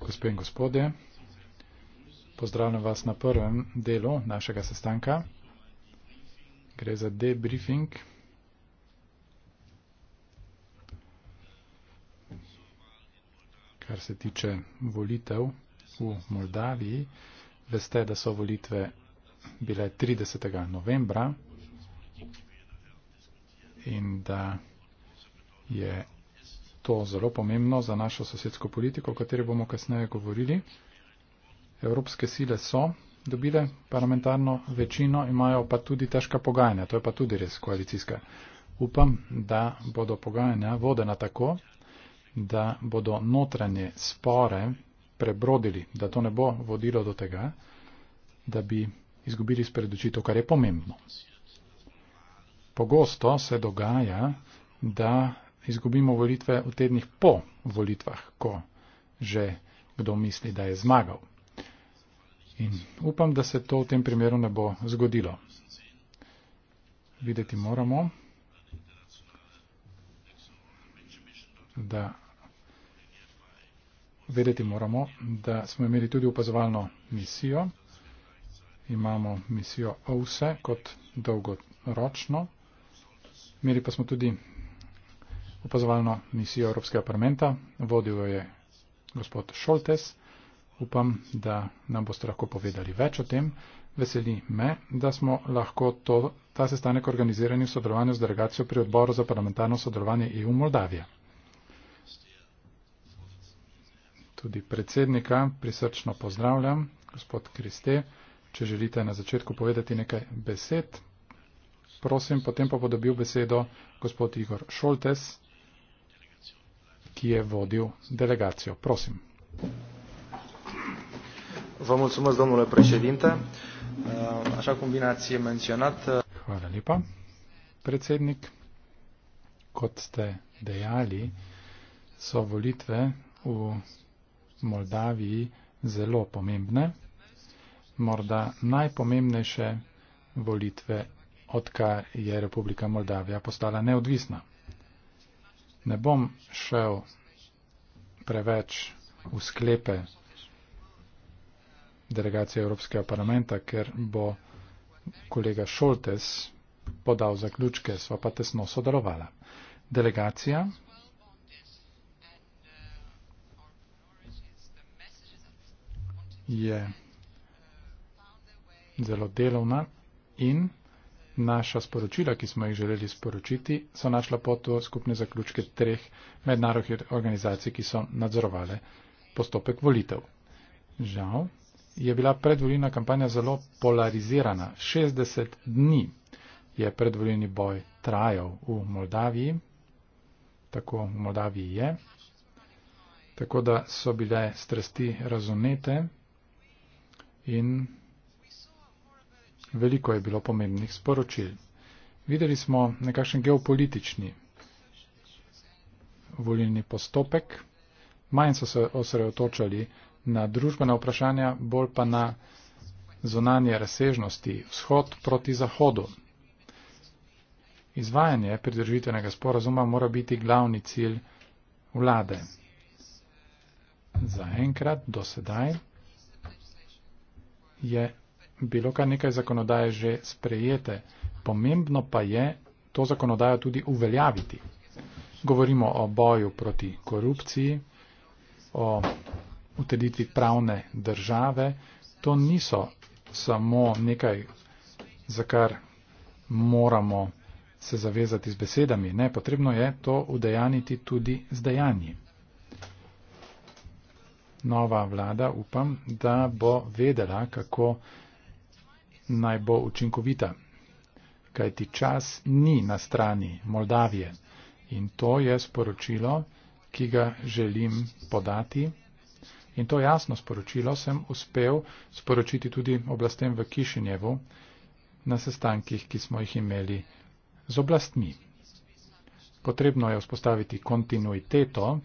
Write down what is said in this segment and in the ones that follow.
gospe in gospodje, pozdravljam vas na prvem delu našega sestanka. Gre za debriefing. Kar se tiče volitev v Moldaviji, veste, da so volitve bile 30. novembra in da je to zelo pomembno za našo sosedsko politiko, o kateri bomo kasneje govorili. Evropske sile so dobile parlamentarno večino, imajo pa tudi težka pogajanja, to je pa tudi res koalicijska. Upam, da bodo pogajanja vodena tako, da bodo notranje spore prebrodili, da to ne bo vodilo do tega, da bi izgubili spred oči to, kar je pomembno. Pogosto se dogaja, da izgubimo volitve v tednih po volitvah, ko že kdo misli, da je zmagal. In upam, da se to v tem primeru ne bo zgodilo. Videti moramo, da, vedeti moramo, da smo imeli tudi upazovalno misijo. Imamo misijo OVSE kot dolgoročno. Imeli pa smo tudi opazovalno misijo Evropskega parlamenta. Vodil jo je gospod Šoltes. Upam, da nam boste lahko povedali več o tem. Veseli me, da smo lahko to, ta sestanek organizirali v sodelovanju z delegacijo pri odboru za parlamentarno sodelovanje EU Moldavije. Tudi predsednika prisrčno pozdravljam, gospod Kriste. Če želite na začetku povedati nekaj besed, prosim, potem pa bo dobil besedo gospod Igor Šoltes, ki je vodil delegacijo. Prosim. Vă mulțumesc, domnule președinte. Uh, așa cum bine ați menționat... Uh, Hvala lepa, predsednik. Kot ste dejali, so volitve v Moldaviji zelo pomembne. Morda najpomembnejše volitve, odkar je Republika Moldavija postala neodvisna ne bom šel preveč v sklepe delegacije Evropskega parlamenta, ker bo kolega Šoltes podal zaključke, sva pa tesno sodelovala. Delegacija je zelo delovna in naša sporočila, ki smo jih želeli sporočiti, so našla pot v skupne zaključke treh mednarodnih organizacij, ki so nadzorovale postopek volitev. Žal je bila predvoljena kampanja zelo polarizirana. 60 dni je predvoljeni boj trajal v Moldaviji, tako v Moldaviji je, tako da so bile strasti razumete in Veliko je bilo pomembnih sporočil. Videli smo nekakšen geopolitični volilni postopek, manj so se osredotočali na družbene vprašanja, bolj pa na zonanje razsežnosti vzhod proti zahodu. Izvajanje pridržitvenega sporazuma mora biti glavni cilj vlade. Za enkrat, do sedaj, je bilo kar nekaj zakonodaje že sprejete. Pomembno pa je to zakonodajo tudi uveljaviti. Govorimo o boju proti korupciji, o utreditvi pravne države. To niso samo nekaj, za kar moramo se zavezati z besedami. Ne, potrebno je to udejaniti tudi z dejanji. Nova vlada upam, da bo vedela, kako naj bo učinkovita. Kajti čas ni na strani Moldavije in to je sporočilo, ki ga želim podati. In to jasno sporočilo sem uspel sporočiti tudi oblastem v Kišinjevu na sestankih, ki smo jih imeli z oblastmi. Potrebno je vzpostaviti kontinuiteto,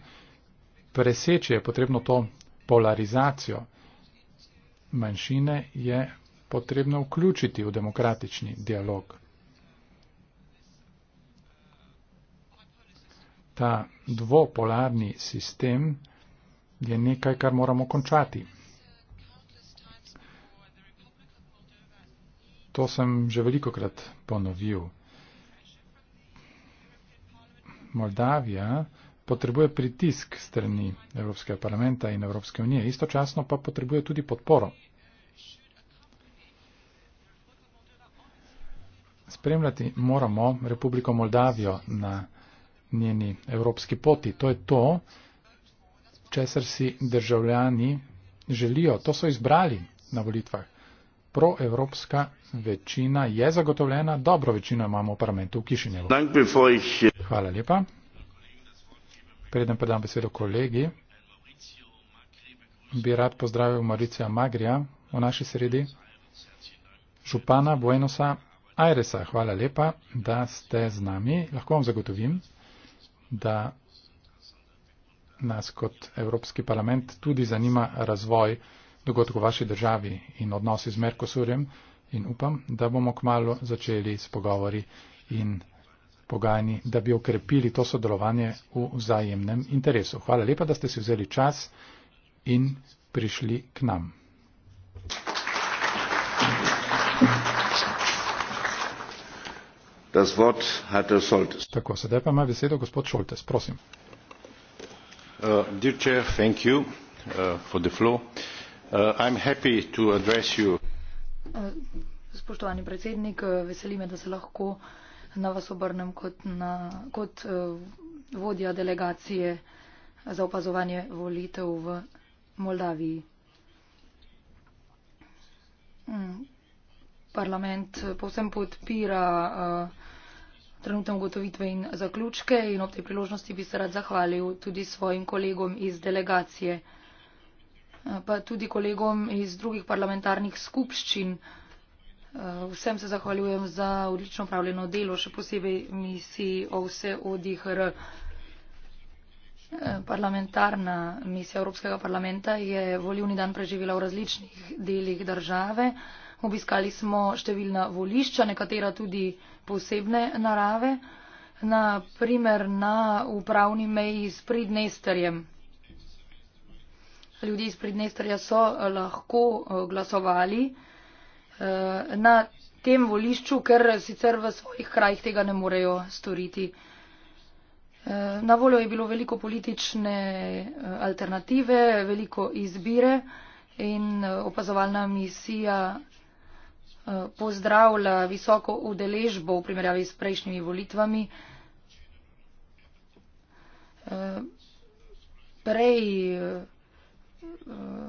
preseči je potrebno to polarizacijo. Manjšine je potrebno vključiti v demokratični dialog. Ta dvopolarni sistem je nekaj, kar moramo končati. To sem že veliko krat ponovil. Moldavija potrebuje pritisk strani Evropskega parlamenta in Evropske unije, istočasno pa potrebuje tudi podporo. spremljati moramo Republiko Moldavijo na njeni evropski poti. To je to, česar si državljani želijo. To so izbrali na volitvah. Proevropska večina je zagotovljena, dobro večino imamo v parlamentu v Kišinjevu. Hvala lepa. Preden predam besedo kolegi, bi rad pozdravil Mauricija Magrija v naši sredi, župana Buenosa Ajresa, hvala lepa, da ste z nami. Lahko vam zagotovim, da nas kot Evropski parlament tudi zanima razvoj dogodkov v vaši državi in odnosi z Merkosurjem in upam, da bomo kmalo začeli s pogovori in pogajanji, da bi okrepili to sodelovanje v vzajemnem interesu. Hvala lepa, da ste si vzeli čas in prišli k nam. Tako, sedaj pa ima besedo gospod Šoltes, prosim. Uh, uh, uh, spoštovani predsednik, veseli me, da se lahko na vas obrnem kot, na, kot vodja delegacije za opazovanje volitev v Moldaviji. Mm, parlament povsem podpira uh, trenutne ugotovitve in zaključke in ob tej priložnosti bi se rad zahvalil tudi svojim kolegom iz delegacije, pa tudi kolegom iz drugih parlamentarnih skupščin. Vsem se zahvaljujem za odlično upravljeno delo, še posebej misiji OVSE ODIHR. Parlamentarna misija Evropskega parlamenta je volivni dan preživela v različnih delih države. Obiskali smo številna volišča, nekatera tudi posebne narave, naprimer na upravni meji s Pridnesterjem. Ljudje iz Pridnesterja so eh, lahko eh, glasovali eh, na tem volišču, ker sicer v svojih krajih tega ne morejo storiti. Na voljo je bilo veliko politične alternative, veliko izbire in opazovalna misija pozdravlja visoko udeležbo v primerjavi s prejšnjimi volitvami. Eh, prej eh,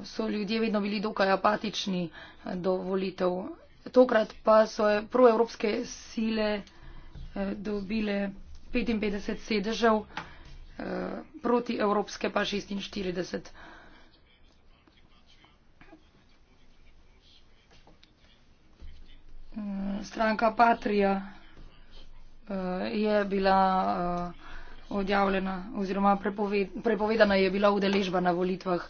so ljudje vedno bili dokaj apatični eh, do volitev. Tokrat pa so proevropske sile dobile 55 sedežev, proti evropske pa 46. Eh, stranka Patrija eh, je bila eh, odjavljena oziroma prepovedana je bila udeležba na volitvah.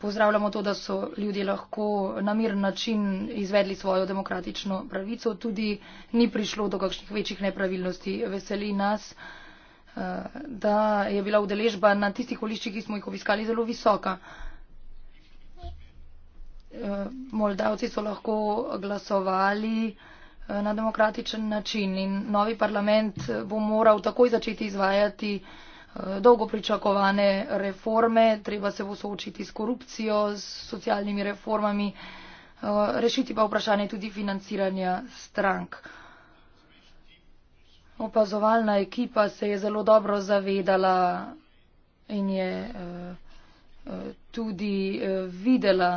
Pozdravljamo to, da so ljudje lahko na mir način izvedli svojo demokratično pravico. Tudi ni prišlo do kakšnih večjih nepravilnosti. Veseli nas, da je bila udeležba na tistih voliščih, ki smo jih obiskali, zelo visoka. Moldavci so lahko glasovali eh, na demokratičen način in novi parlament eh, bo moral takoj začeti izvajati eh, dolgo pričakovane reforme, treba se bo soočiti s korupcijo, s socialnimi reformami, rešiti pa vprašanje tudi financiranja strank. Opazovalna ekipa se je zelo dobro zavedala in je tudi videla,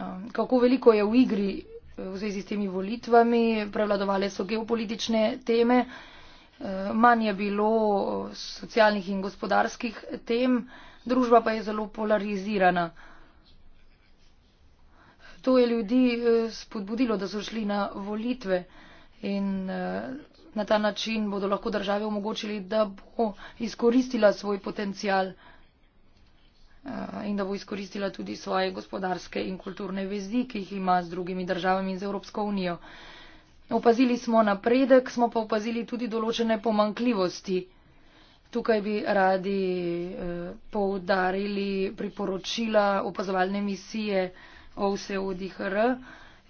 Um, kako veliko je v igri eh, v zvezi s temi volitvami, prevladovale so geopolitične teme, eh, manj je bilo eh, socialnih in gospodarskih tem, družba pa je zelo polarizirana. To je ljudi spodbudilo, da so šli na volitve in na ta način bodo lahko države omogočili, da bo izkoristila svoj potencial. Eh, in da bo izkoristila tudi svoje gospodarske in kulturne vezi, ki jih ima z drugimi državami in z Evropsko unijo. Opazili smo napredek, smo pa opazili tudi določene pomankljivosti. Tukaj bi radi eh, poudarili priporočila opazovalne misije OVSE-ODHR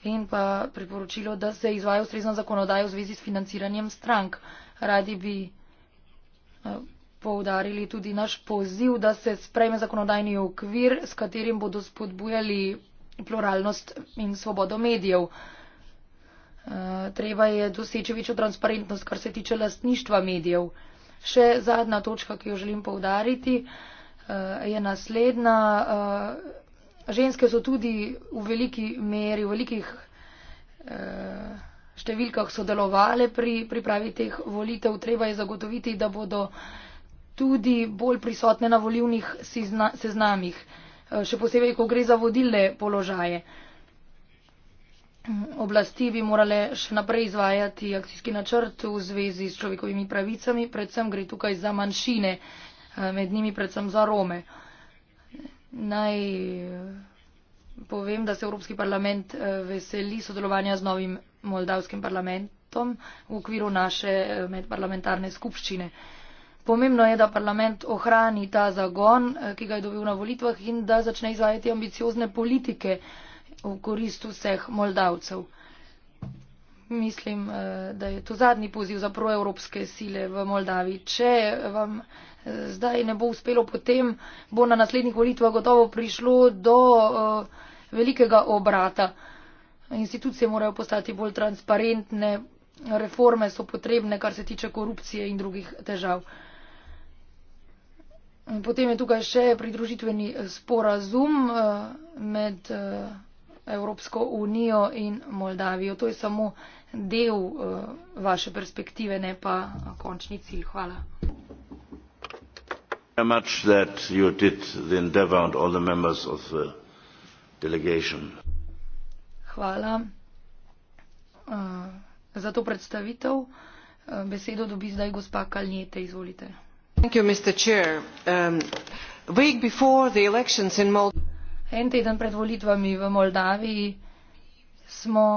in pa priporočilo, da se izvaja ustrezna zakonodaja v zvezi s financiranjem strank. Radi bi eh, poudarili tudi naš poziv, da se sprejme zakonodajni okvir, s katerim bodo spodbujali pluralnost in svobodo medijev. Eh, treba je doseči večjo transparentnost, kar se tiče lastništva medijev. Še zadnja točka, ki jo želim poudariti, eh, je naslednja. Eh, ženske so tudi v veliki meri, v velikih številkah sodelovali pri pripravi teh volitev. Treba je zagotoviti, da bodo tudi bolj prisotne na volivnih seznamih, eh, še posebej, ko gre za vodilne položaje. Oblasti bi morale še naprej izvajati akcijski načrt v zvezi s človekovimi pravicami, predvsem gre tukaj za manjšine, eh, med njimi predvsem za Rome. Naj eh, povem, da se Evropski parlament veseli sodelovanja z novim moldavskim parlamentom v okviru naše medparlamentarne skupščine. Pomembno je, da parlament ohrani ta zagon, eh, ki ga je dobil na volitvah in da začne izvajati ambiciozne politike v korist vseh Moldavcev. Mislim, eh, da je to zadnji poziv za proevropske sile v Moldaviji. Če vam eh, zdaj ne bo uspelo, potem bo na naslednjih volitvah gotovo prišlo do velikega obrata. Institucije morajo postati bolj transparentne, reforme so potrebne, kar se tiče korupcije in drugih težav. Potem je tukaj še pridružitveni eh, sporazum eh, med eh, Evropsko unijo in Moldavijo. To je samo del vaše perspektive, ne pa končni cilj. Hvala. Very much that you did the endeavor and all the members of the delegation. Hvala uh, za to predstavitev. Uh, besedo dobi zdaj gospa Kalnjete. Izvolite. Um, en teden pred volitvami v moldaviji smo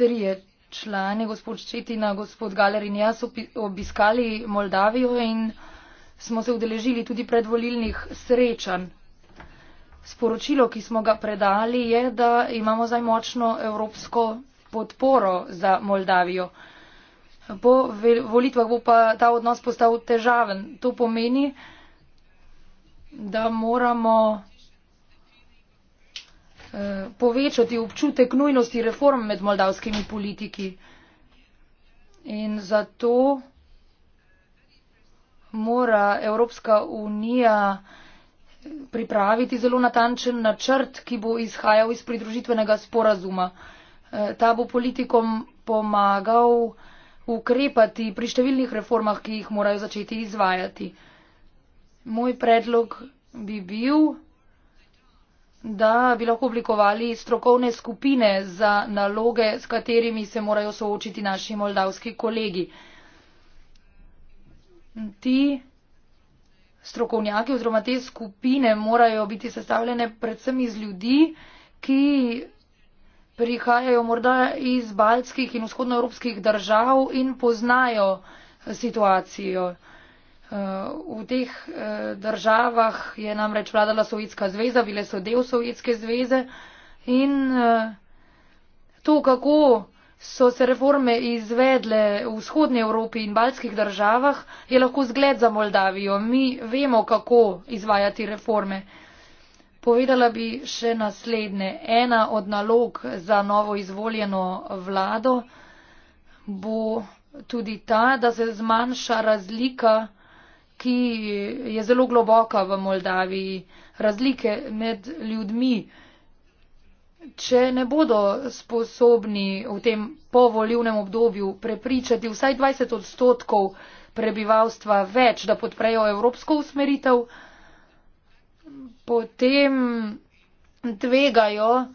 trije člani gospod ščetina gospod galer in jaz obiskali moldavijo in smo se udeležili tudi predvolilnih srečanj sporočilo ki smo ga predali je da imamo zdaj močno evropsko podporo za moldavijo po volitvah bo pa ta odnos postal težaven. To pomeni, da moramo eh, povečati občutek nujnosti reform med moldavskimi politiki. In zato mora Evropska unija pripraviti zelo natančen načrt, ki bo izhajal iz pridružitvenega sporazuma. Eh, ta bo politikom pomagal ukrepati pri številnih reformah, ki jih morajo začeti izvajati. Moj predlog bi bil, da bi lahko oblikovali strokovne skupine za naloge, s katerimi se morajo soočiti naši moldavski kolegi. Ti strokovnjaki oziroma te skupine morajo biti sestavljene predvsem iz ljudi, ki prihajajo morda iz baltskih in vzhodnoevropskih držav in poznajo situacijo. Eh, v teh eh, državah je namreč vladala Sovjetska zveza, bile so del Sovjetske zveze in eh, to, kako so se reforme izvedle v vzhodnji Evropi in baltskih državah, je lahko zgled za Moldavijo. Mi vemo, kako izvajati reforme. Povedala bi še naslednje. Ena od nalog za novo izvoljeno vlado bo tudi ta, da se zmanjša razlika, ki je zelo globoka v Moldaviji, razlike med ljudmi. Če ne bodo sposobni v tem povoljivnem obdobju prepričati vsaj 20 odstotkov prebivalstva več, da podprejo evropsko usmeritev, potem tvegajo,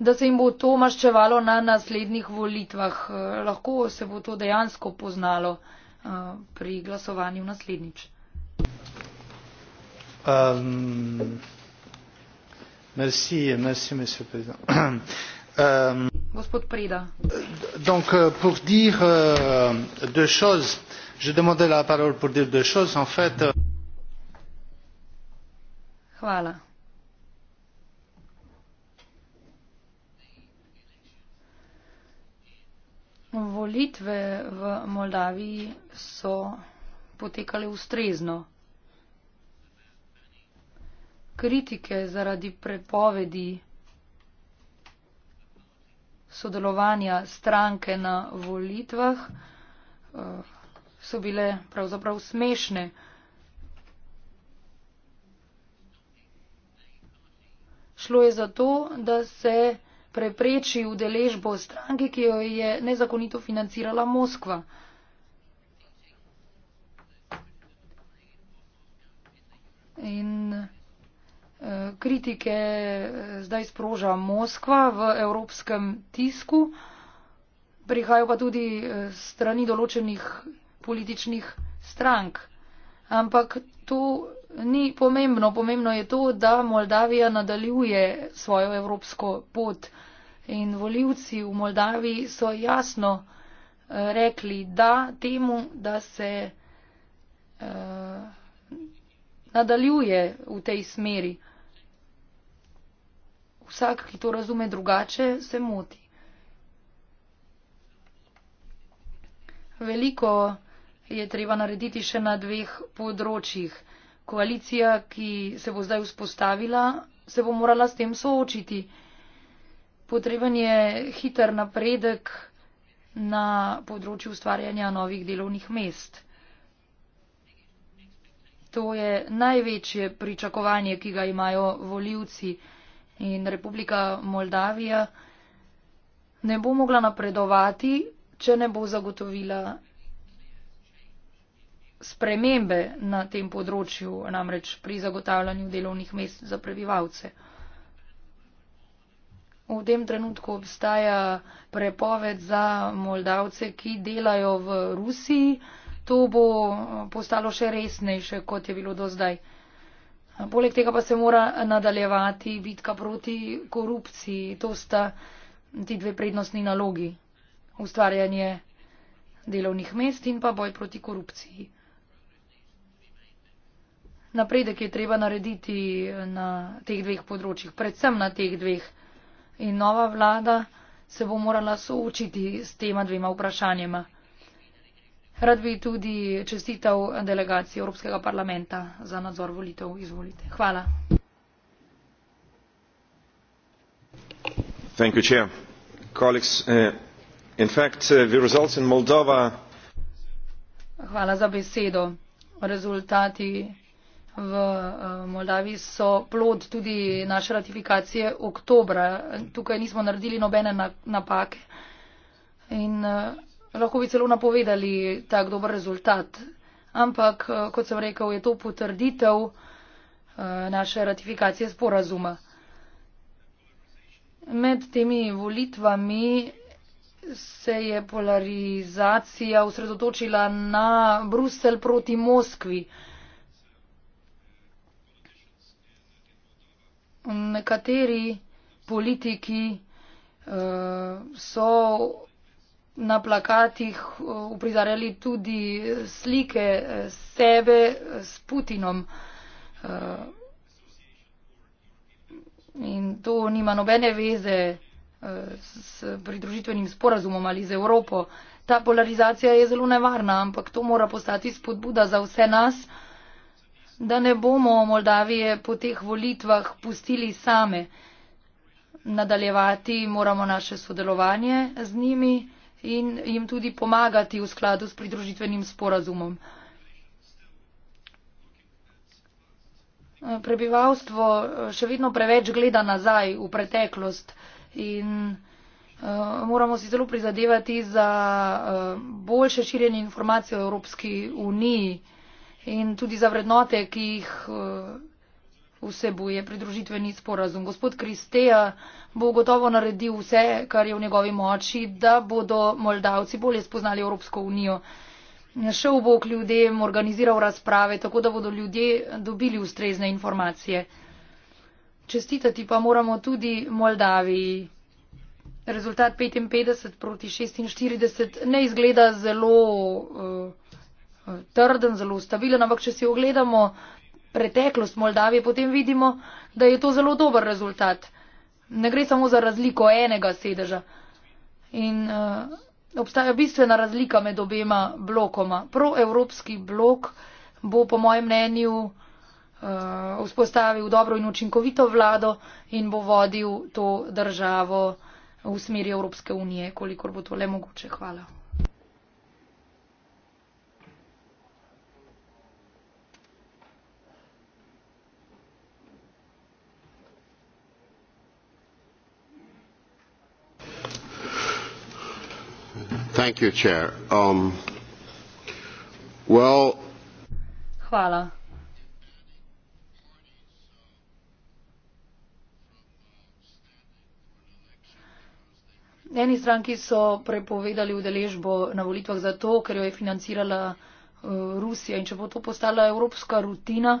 da se jim bo to maščevalo na naslednjih volitvah. Eh, lahko se bo to dejansko poznalo eh, pri glasovanju naslednjič. Um, merci, merci, monsieur le président. um, Gospod Preda. Donc, euh, pour dire uh, deux choses, je demandais la parole pour dire deux choses. En fait, uh, Hvala. Volitve v Moldaviji so potekale ustrezno. Kritike zaradi prepovedi sodelovanja stranke na volitvah eh, so bile pravzaprav smešne. šlo je za to, da se prepreči udeležbo stranke, ki jo je nezakonito financirala Moskva. In eh, kritike eh, zdaj sproža Moskva v evropskem tisku, prihajajo pa tudi eh, strani določenih političnih strank. Ampak to ni pomembno. Pomembno je to, da Moldavija nadaljuje svojo evropsko pot. In voljivci v Moldaviji so jasno eh, rekli, da temu, da se uh, nadaljuje v tej smeri. Vsak, ki to razume drugače, se moti. Veliko je treba narediti še na dveh področjih koalicija, ki se bo zdaj vzpostavila, se bo morala s tem soočiti. Potreben je hiter napredek na področju ustvarjanja novih delovnih mest. To je največje pričakovanje, ki ga imajo voljivci in Republika Moldavija ne bo mogla napredovati, če ne bo zagotovila spremembe na tem področju, namreč pri zagotavljanju delovnih mest za prebivalce. V tem trenutku obstaja prepoved za moldavce, ki delajo v Rusiji. To bo eh, postalo še resnejše, kot je bilo do zdaj. Poleg tega pa se mora nadaljevati bitka proti korupciji. To sta ti dve prednostni nalogi. Ustvarjanje delovnih mest in pa boj proti korupciji napredek je treba narediti na teh dveh področjih, predvsem na teh dveh. In nova vlada se bo morala soočiti s tema dvema vprašanjima. Rad bi tudi čestital delegaciji Evropskega parlamenta za nadzor volitev. Izvolite. Hvala. Eh, eh, Hvala za besedo. Rezultati v eh, Moldavi so plod tudi naše ratifikacije oktobra. Tukaj nismo naredili nobene napake in eh, lahko bi celo napovedali tak dober rezultat. Ampak, eh, kot sem rekel, je to potrditev naše ratifikacije sporazuma. Med temi volitvami se je polarizacija osredotočila na Brusel proti Moskvi. nekateri politiki eh, so na plakatih eh, uprizarjali tudi slike eh, sebe s Putinom. In to nima nobene veze s pridružitvenim sporazumom ali z Evropo. Ta polarizacija je zelo nevarna, ampak to mora postati spodbuda za vse nas, da ne bomo Moldavije po teh volitvah pustili same. Nadaljevati moramo naše sodelovanje z njimi in jim tudi pomagati v skladu s pridružitvenim sporazumom. Prebivalstvo še vedno preveč gleda nazaj v preteklost in eh, moramo si zelo prizadevati za eh, boljše širjenje informacij o Evropski uniji in tudi za vrednote, ki jih eh, vsebuje pridružitveni sporazum. Gospod Kristeja bo gotovo naredil vse, kar je v njegovi moči, da bodo Moldavci bolje spoznali Evropsko unijo. Šel bo k ljudem, organiziral razprave, tako da bodo ljudje dobili ustrezne informacije. Čestitati pa moramo tudi Moldaviji. Rezultat 55 proti 46 ne izgleda zelo. Uh, trden, zelo stabilen, ampak če si ogledamo preteklost Moldavije, potem vidimo, da je to zelo dober rezultat. Ne gre samo za razliko enega sedeža. In uh, obstaja bistvena razlika med obema blokoma. Proevropski blok bo, po mojem mnenju, uh, vzpostavil dobro in učinkovito vlado in bo vodil to državo v smeri Evropske unije, kolikor bo to le mogoče. Hvala. Um, Hvala. Eni stranki so prepovedali udeležbo na volitvah zato, ker jo je financirala uh, Rusija in če bo to postala evropska rutina,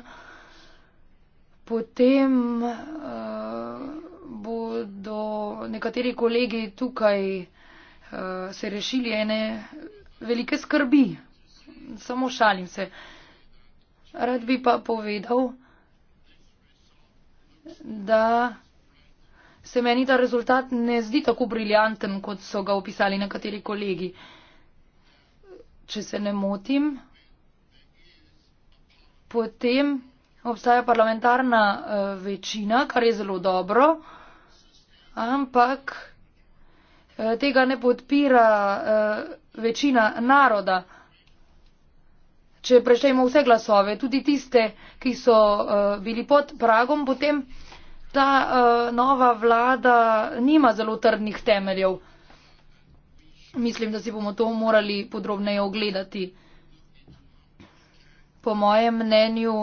potem uh, bodo nekateri kolegi tukaj. Eh, se rešili ene velike skrbi. Samo šalim se. Rad bi pa povedal, da se meni ta rezultat ne zdi tako briljanten, kot so ga opisali nekateri kolegi. Če se ne motim, potem obstaja parlamentarna eh, večina, kar je zelo dobro, ampak Eh, tega ne podpira eh, večina naroda. Če preštejmo vse glasove, tudi tiste, ki so eh, bili pod pragom, potem ta nova vlada nima zelo trdnih temeljev. Mislim, da si bomo to morali podrobneje ogledati. Po mojem mnenju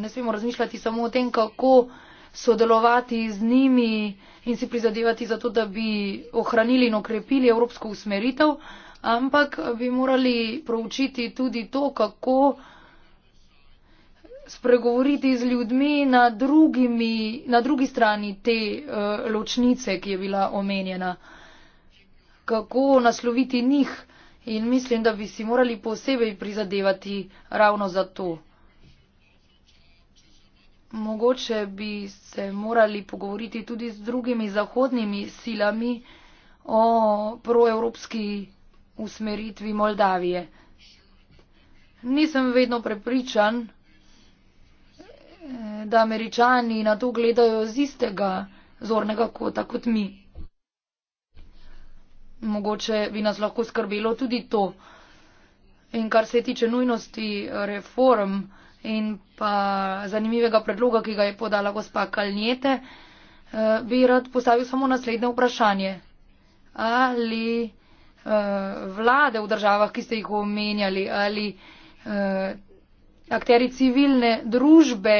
ne smemo razmišljati samo o tem, kako sodelovati z njimi in si prizadevati za to, da bi ohranili in okrepili evropsko usmeritev, ampak bi morali proučiti tudi to, kako spregovoriti z ljudmi na, drugimi, na drugi strani te uh, ločnice, ki je bila omenjena, kako nasloviti njih in mislim, da bi si morali posebej prizadevati ravno za to mogoče bi se morali pogovoriti tudi z drugimi zahodnimi silami o proevropski usmeritvi Moldavije. Nisem vedno prepričan, da američani na to gledajo z istega zornega kota kot mi. Mogoče bi nas lahko skrbelo tudi to. In kar se tiče nujnosti reform, in pa zanimivega predloga, ki ga je podala gospa Kalnjete, eh, bi rad postavil samo naslednje vprašanje. Ali eh, vlade v državah, ki ste jih omenjali, ali eh, akteri civilne družbe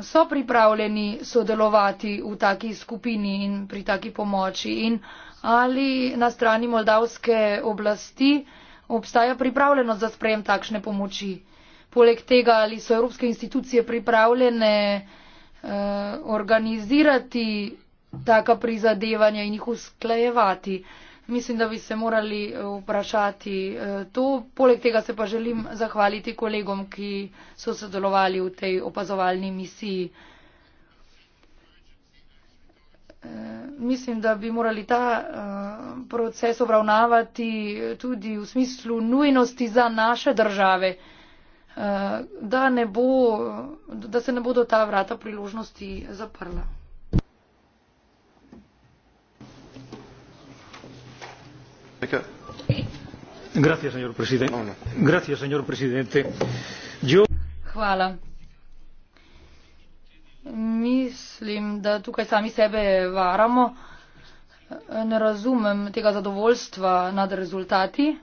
so pripravljeni sodelovati v taki skupini in pri taki pomoči in ali na strani moldavske oblasti obstaja pripravljenost za sprejem takšne pomoči poleg tega, ali so evropske institucije pripravljene eh, organizirati taka prizadevanja in jih usklajevati. Mislim, da bi se morali eh, vprašati eh, to. Poleg tega se pa želim zahvaliti kolegom, ki so sodelovali v tej opazovalni misiji. Mislim, da bi morali ta proces obravnavati tudi v smislu nujnosti za naše države. Eh, da, ne bo, da se ne bodo ta vrata priložnosti zaprla. Hvala, senor presidente. Hvala. Mislim, da tukaj sami sebe varamo. Eh, ne razumem tega zadovoljstva nad rezultati.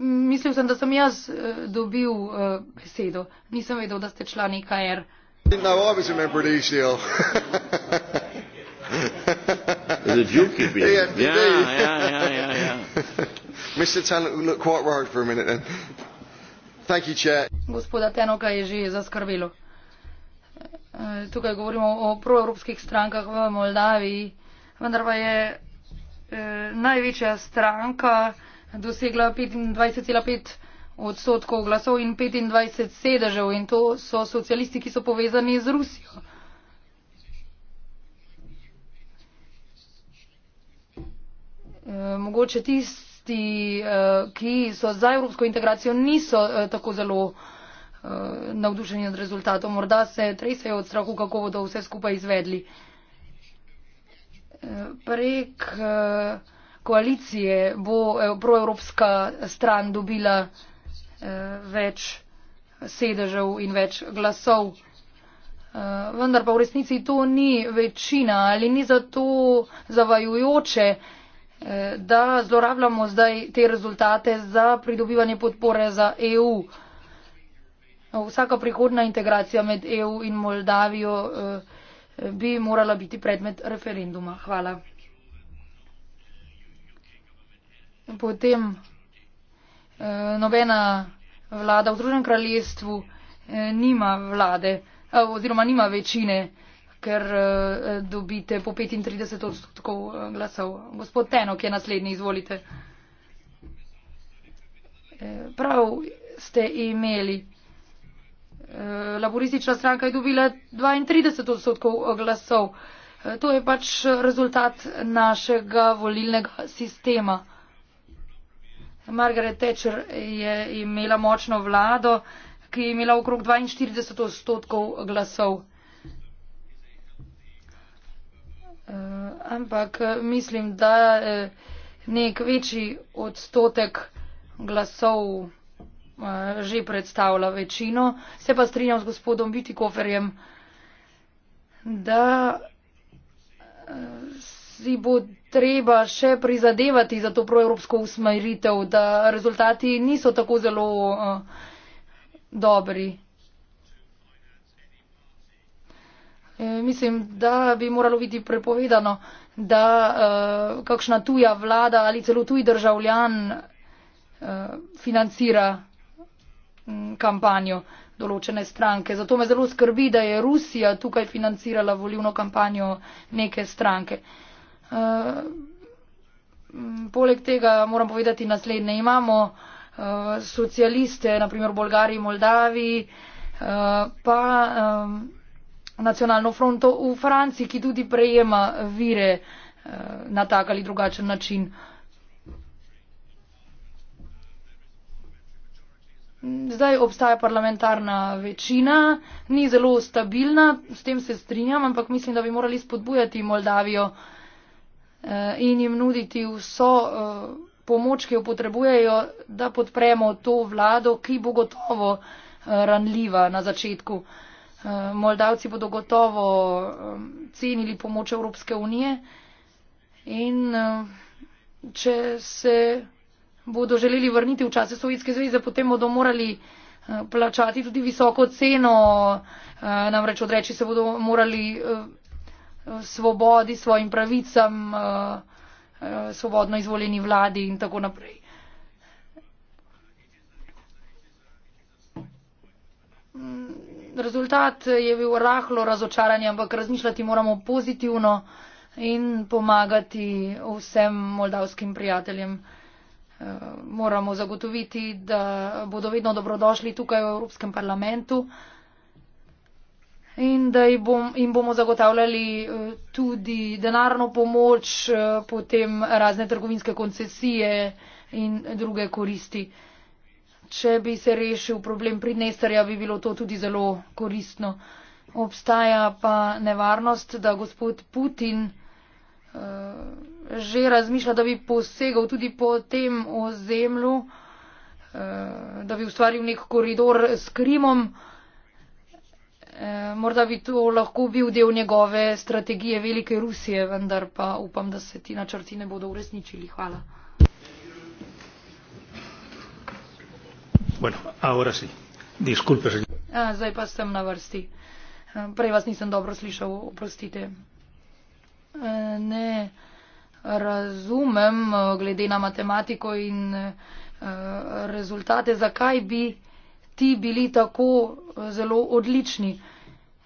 Mislil sem, da sem jaz uh, dobil uh, besedo. Nisem vedel, da ste član IKR. E no, e Gospoda Tenoka je že zaskrbelo. Eh, tukaj govorimo o proevropskih strankah v Moldaviji, vendar pa je eh, največja stranka dosegla 25,5 odstotkov glasov in 25 sedežev in to so socialisti, ki so povezani z Rusijo. Eh, mogoče tisti, eh, ki so za evropsko integracijo, niso eh, tako zelo navdušeni nad rezultatom. Morda se tresajo od strahu, kako bodo vse skupaj izvedli. Prek uh, koalicije bo eh, proevropska stran dobila eh, več sedežev in več glasov. Eh, vendar pa v resnici to ni večina ali ni zato zavajujoče, da zlorabljamo zdaj te rezultate za pridobivanje podpore za EU. Vsaka prihodna integracija med EU in Moldavijo bi morala biti predmet referenduma. Hvala. potem eh, nobena vlada v Združenem kraljestvu eh, nima vlade eh, oziroma nima večine, ker dobite po 35 odstotkov glasov. Gospod Tenok je naslednji, izvolite. Prav ste imeli. Laboristična stranka je dobila 32 odstotkov glasov. To je pač rezultat našega volilnega sistema margaret thatcher je imela močno vlado ki je imela okrog dvainštirideset odstotkov glasov eh, ampak eh, mislim da eh, nek večji odstotek glasov že predstavlja večino se pa strinjam z gospodom bitikoferjem da si bo treba še prizadevati za to proevropsko usmeritev, da rezultati niso tako zelo uh, dobri. E, mislim, da bi moralo biti prepovedano, da uh, kakšna tuja vlada ali celo tuj državljan uh, financira mm, kampanjo določene stranke. Zato me zelo skrbi, da je Rusija tukaj financirala volivno kampanjo neke stranke. Uh, Eh, poleg tega moram povedati naslednje. Imamo eh, socialiste, naprimer v Bolgariji, Moldaviji, eh, pa nacionalno fronto v Franciji, ki tudi prejema vire na tak ali drugačen način. Zdaj obstaja parlamentarna večina, ni zelo stabilna, s tem se strinjam, ampak mislim, da bi morali spodbujati Moldavijo, uh, Eh, in jim nuditi vso eh, pomoč, ki jo potrebujejo, da podpremo to vlado, ki bo gotovo eh, ranljiva na začetku. Moldavci bodo gotovo cenili pomoč Evropske unije in če se bodo želeli vrniti v čase Sovjetske zveze, potem bodo morali plačati tudi visoko ceno, namreč odreči se bodo morali svobodi, svojim pravicam, eh, eh, svobodno izvoljeni vladi in tako naprej. Mm, rezultat je bil rahlo razočaranje, ampak razmišljati moramo pozitivno in pomagati vsem moldavskim prijateljem. Eh, moramo zagotoviti, da bodo vedno dobrodošli tukaj v Evropskem parlamentu in da jim, bom, jim bomo zagotavljali eh, tudi denarno pomoč, eh, potem razne trgovinske koncesije in druge koristi. Če bi se rešil problem pridnesterja, bi bilo to tudi zelo koristno. Obstaja pa nevarnost, da gospod Putin eh, že razmišlja, da bi posegal tudi po tem ozemlju, da bi ustvaril nek koridor s Krimom, Eh, morda bi to lahko bil del njegove strategije velike Rusije, vendar pa upam, da se ti načrti ne bodo uresničili. Hvala. Bueno, ahora sí. Disculpe, a, eh, zdaj pa sem na vrsti. Eh, prej vas nisem dobro slišal, oprostite. Ne razumem glede na matematiko in rezultate, zakaj bi ti bili tako eh, zelo odlični.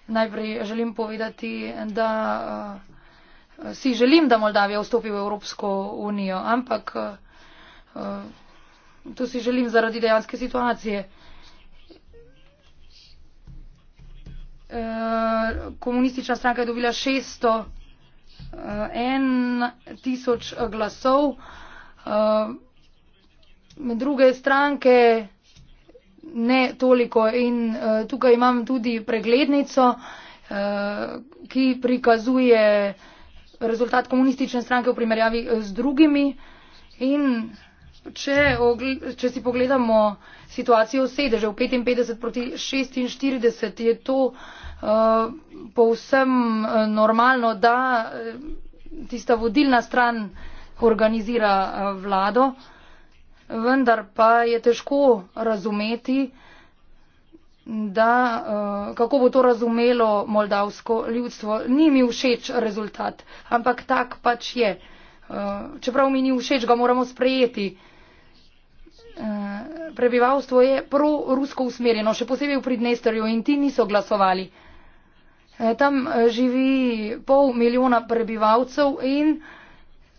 Najprej želim povedati, da uh, si želim, da Moldavija vstopi v Evropsko unijo, ampak uh, to si želim zaradi dejanske situacije. Uh, komunistična stranka je dobila 601 tisoč glasov. Uh, druge stranke ne toliko. In uh, tukaj imam tudi preglednico, uh, ki prikazuje rezultat komunistične stranke v primerjavi eh, z drugimi. In če, če si pogledamo situacijo sedeže v 55 proti 46, je to uh, povsem normalno, da tista vodilna stran organizira uh, vlado. Uh, vendar pa je težko razumeti, da, eh, kako bo to razumelo moldavsko ljudstvo. Ni mi všeč rezultat, ampak tak pač je. Eh, čeprav mi ni všeč, ga moramo sprejeti. Eh, prebivalstvo je prorusko usmerjeno, še posebej v Pridnesterju in ti niso glasovali. Tam živi pol milijona prebivalcev in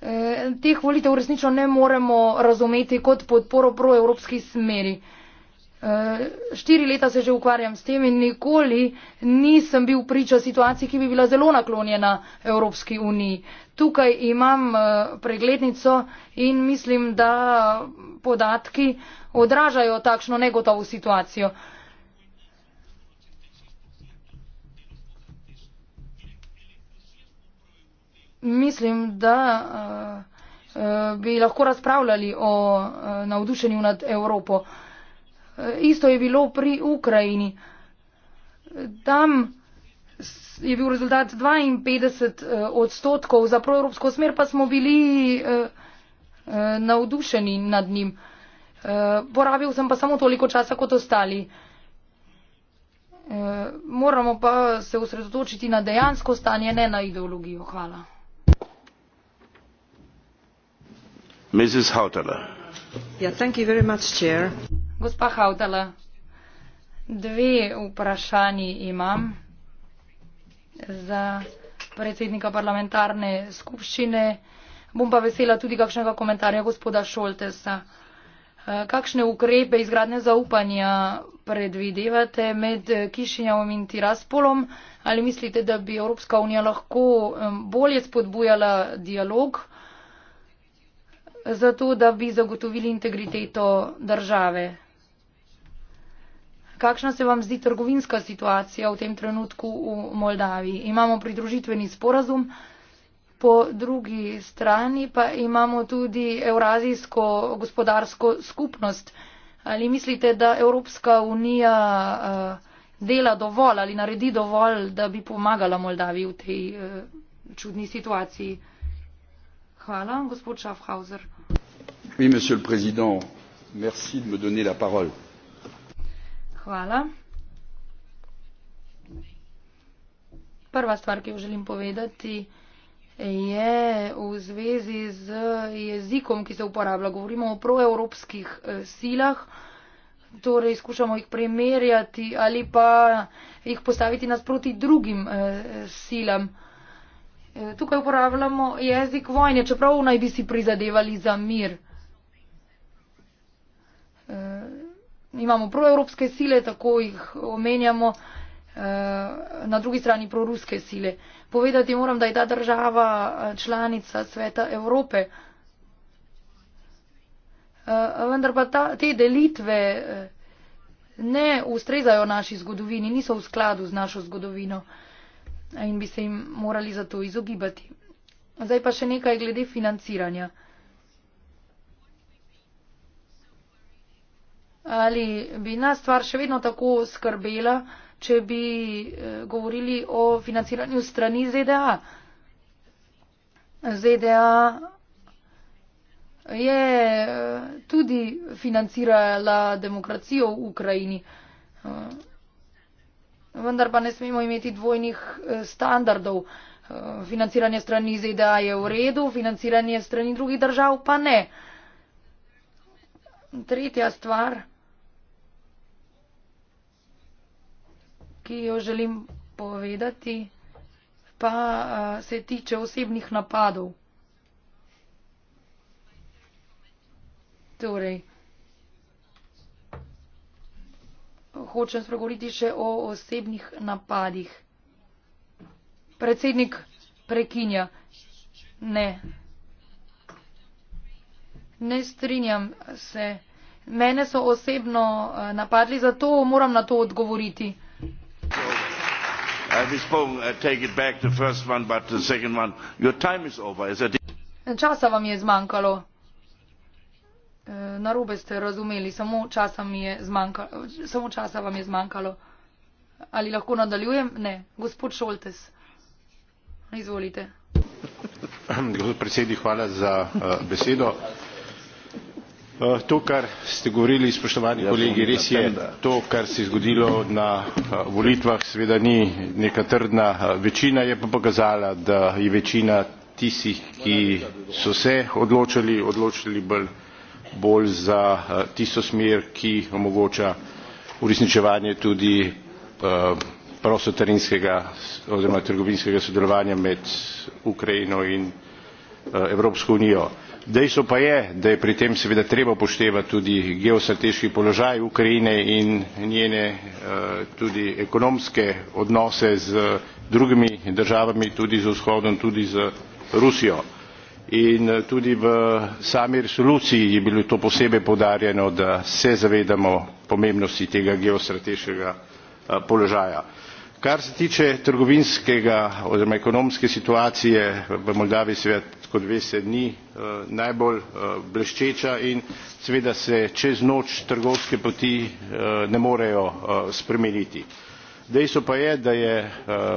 Eh, teh volitev resnično ne moremo razumeti kot podporo proevropski smeri. Eh, štiri leta se že ukvarjam s tem in nikoli nisem bil priča situaciji, ki bi bila zelo naklonjena Evropski uniji. Tukaj imam eh, preglednico in mislim, da podatki odražajo takšno negotovo situacijo. mislim, da eh, eh, bi lahko razpravljali o eh, navdušenju nad Evropo. Isto je bilo pri Ukrajini. Tam je bil rezultat 52 odstotkov, za proevropsko smer pa smo bili navdušeni nad njim. Porabil sem pa samo toliko časa kot ostali. Moramo pa se osredotočiti na dejansko stanje, ne na ideologijo. Hvala. Ja, gospa hautala dve vprašanji imam za predsednika parlamentarne skupščine bom pa vesela tudi kakšnega komentarja gospoda šoltesa eh, kakšne ukrepe izgradnje zaupanja predvidevate med kišinjavom in tiraspolom ali mislite da bi evropska unija lahko bolje spodbujala dialog zato, da bi zagotovili integriteto države. Kakšna se vam zdi trgovinska situacija v tem trenutku v Moldaviji? Imamo pridružitveni sporazum, po drugi strani pa imamo tudi Eurazijsko gospodarsko skupnost. Ali mislite, da Evropska unija eh, dela dovolj ali naredi dovolj, da bi pomagala Moldaviji v tej eh, čudni situaciji? monsieur le président merci de me donner la parole. prva stvar ki jo želim povedati je v zvezi z jezikom ki se uporablja govorimo o proevropskih eh, silah torej skušamo jih primerjati ali pa jih postaviti nasproti drugim eh, silam. Tukaj uporabljamo jezik vojne, čeprav naj bi si prizadevali za mir. Eh, imamo proevropske sile, tako jih omenjamo, eh, na drugi strani proruske sile. Povedati moram, da je ta država eh, članica sveta Evrope. Vendar pa ta, te delitve ne ustrezajo naši zgodovini, niso v skladu z našo zgodovino in bi se jim morali zato izogibati. Zdaj pa še nekaj glede financiranja. Ali bi nas stvar še vedno tako skrbela, če bi eh, govorili o financiranju strani ZDA? ZDA je eh, tudi financirala demokracijo v Ukrajini. Eh, vendar pa ne smemo imeti dvojnih eh, standardov. Eh, financiranje strani ZDA je v redu, financiranje strani drugih držav pa ne. Tretja stvar, ki jo želim povedati, pa eh, se tiče osebnih napadov. Torej, hočem spregovoriti še o osebnih napadih. Predsednik prekinja. Ne. Ne strinjam se. Mene so osebno eh, napadli, zato moram na to odgovoriti. Uh, Časa vam je zmanjkalo. Eh, narobe ste razumeli, samo časa, zmanjka, samo časa vam je zmanjkalo. Ali lahko nadaljujem? Ne. Gospod Šoltes, izvolite. Gospod predsednik, hvala za uh, besedo. Uh, to, kar ste govorili, spoštovani ja, kolegi, res je, to, kar se je zgodilo na uh, volitvah, seveda ni neka trdna uh, večina, je pa pokazala, da je večina tistih, ki so se odločili, odločili bolj uh, bolj za eh, tisto smer ki omogoča uresničevanje tudi eh, prostoterinskega oziroma trgovinskega sodelovanja med ukrajino in eh, evropsko unijo. dejstvo pa je da je pri tem seveda treba upoštevati tudi geostrateški položaj ukrajine in njene tudi ekonomske odnose z drugimi državami tudi z vzhodom tudi z rusijo in eh, tudi v sami resoluciji je bilo to posebej poudarjeno da se zavedamo pomembnosti tega geostrateškega eh, položaja. kar se tiče trgovinskega oziroma ekonomske situacije v moldaviji seveda kot veste ni eh, najbolj bleščeča in seveda se čez noč trgovske poti ne morejo spremeniti dejstvo pa je da je eh,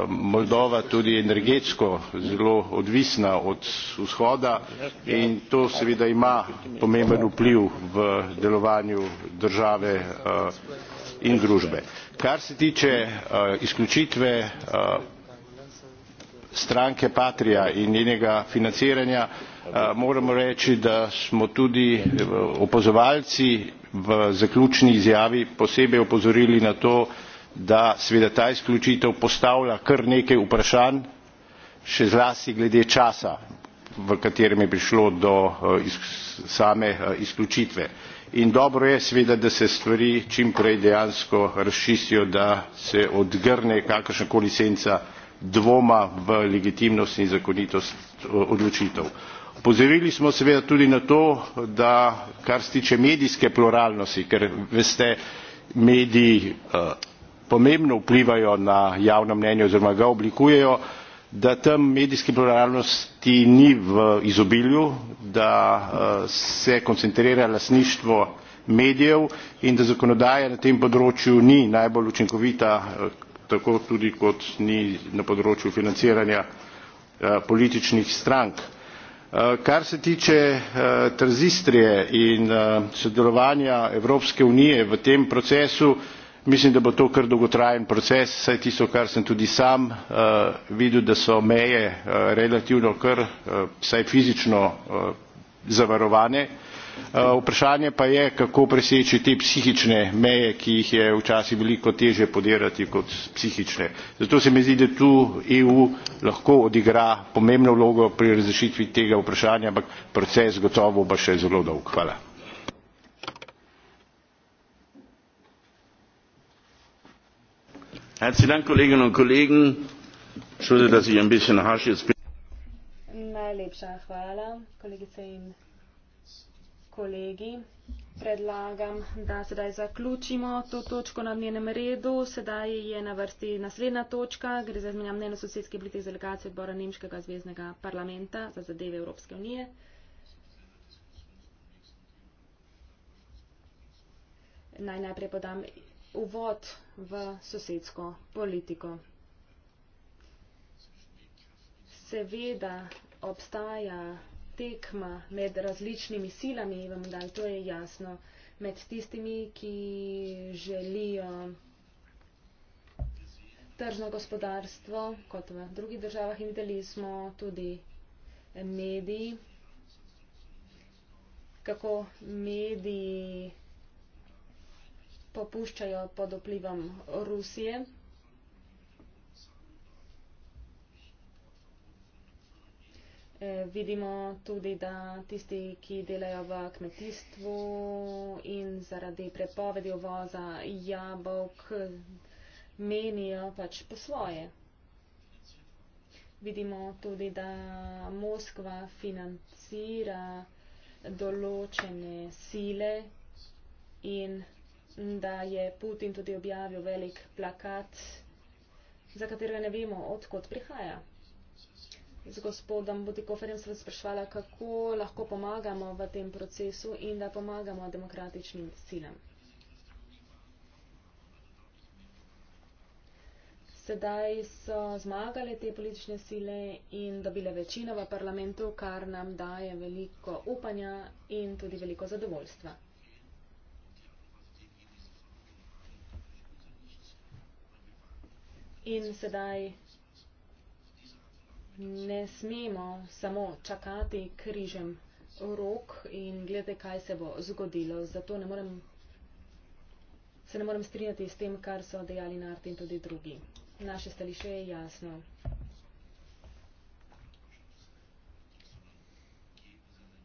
moldova tudi energetsko zelo odvisna od vzhoda in to seveda ima pomemben vpliv v delovanju države eh, in družbe. kar se tiče eh, izključitve stranke patria in njenega financiranja moramo reči da smo tudi opazovalci v zaključni izjavi posebej opozorili na to da seveda ta izključitev postavlja kar nekaj vprašanj še zlasti glede časa v katerem je prišlo do eh, same eh, izključitve in dobro je seveda da se stvari čim prej dejansko razčistijo da se odgrne kakršnakoli senca dvoma v legitimnost in zakonitost eh, odločitev. opozorili smo seveda tudi na to da kar se tiče medijske pluralnosti ker veste mediji pomembno vplivajo na javno mnenje oziroma ga oblikujejo da tam medijske pluralnosti ni v izobilju da eh, se koncentrira lastništvo medijev in da zakonodaja na tem področju ni najbolj učinkovita eh, tako tudi kot ni na področju financiranja eh, političnih strank. kar se tiče transnistrije in sodelovanja evropske unije v tem procesu mislim da bo to kar dolgotrajen proces saj tisto kar sem tudi sam eh, videl da so meje eh, relativno kar eh, vsaj fizično zavarovane vprašanje pa je kako preseči te psihične meje ki jih je včasih veliko težje podirati kot psihične zato se mi zdi da tu eu lahko odigra pomembno vlogo pri razrešitvi tega vprašanja ampak proces gotovo bo še zelo dolg. herzlichen dank kolleginnen und kollegen schuld dass ich ein bisschen harsch jetzt bin najlepša hvala kolegice in kolegi predlagam da sedaj zaključimo to točko na dnevnem redu sedaj je na vrsti naslednja točka gre za izmenjavo mnenja sosedske blite z delegacijo odbora nemškega zveznega parlamenta za zadeve evropske unije Naj najprej podam uvod v sosedsko politiko. Seveda obstaja tekma med različnimi silami, vam da to je jasno, med tistimi, ki želijo tržno gospodarstvo, kot v drugih državah in videli smo tudi mediji, kako mediji popuščajo pod vplivom Rusije. E, vidimo tudi, da tisti, ki delajo v kmetijstvu in zaradi prepovedi uvoza jabolk, menijo pač po svoje. Vidimo tudi, da Moskva financira določene sile in da je Putin tudi objavil velik plakat, za katerega ne vemo, odkot prihaja. Z gospodom Butikoferjem sem sprašvala, kako lahko pomagamo v tem procesu in da pomagamo demokratičnim silam. Sedaj so zmagale te politične sile in dobile večino v parlamentu, kar nam daje veliko upanja in tudi veliko zadovoljstva. In sedaj ne smemo samo čakati križem rok in glede, kaj se bo zgodilo. Zato ne morem, se ne morem strinjati s tem, kar so dejali Nart in tudi drugi. Naše stališče je jasno.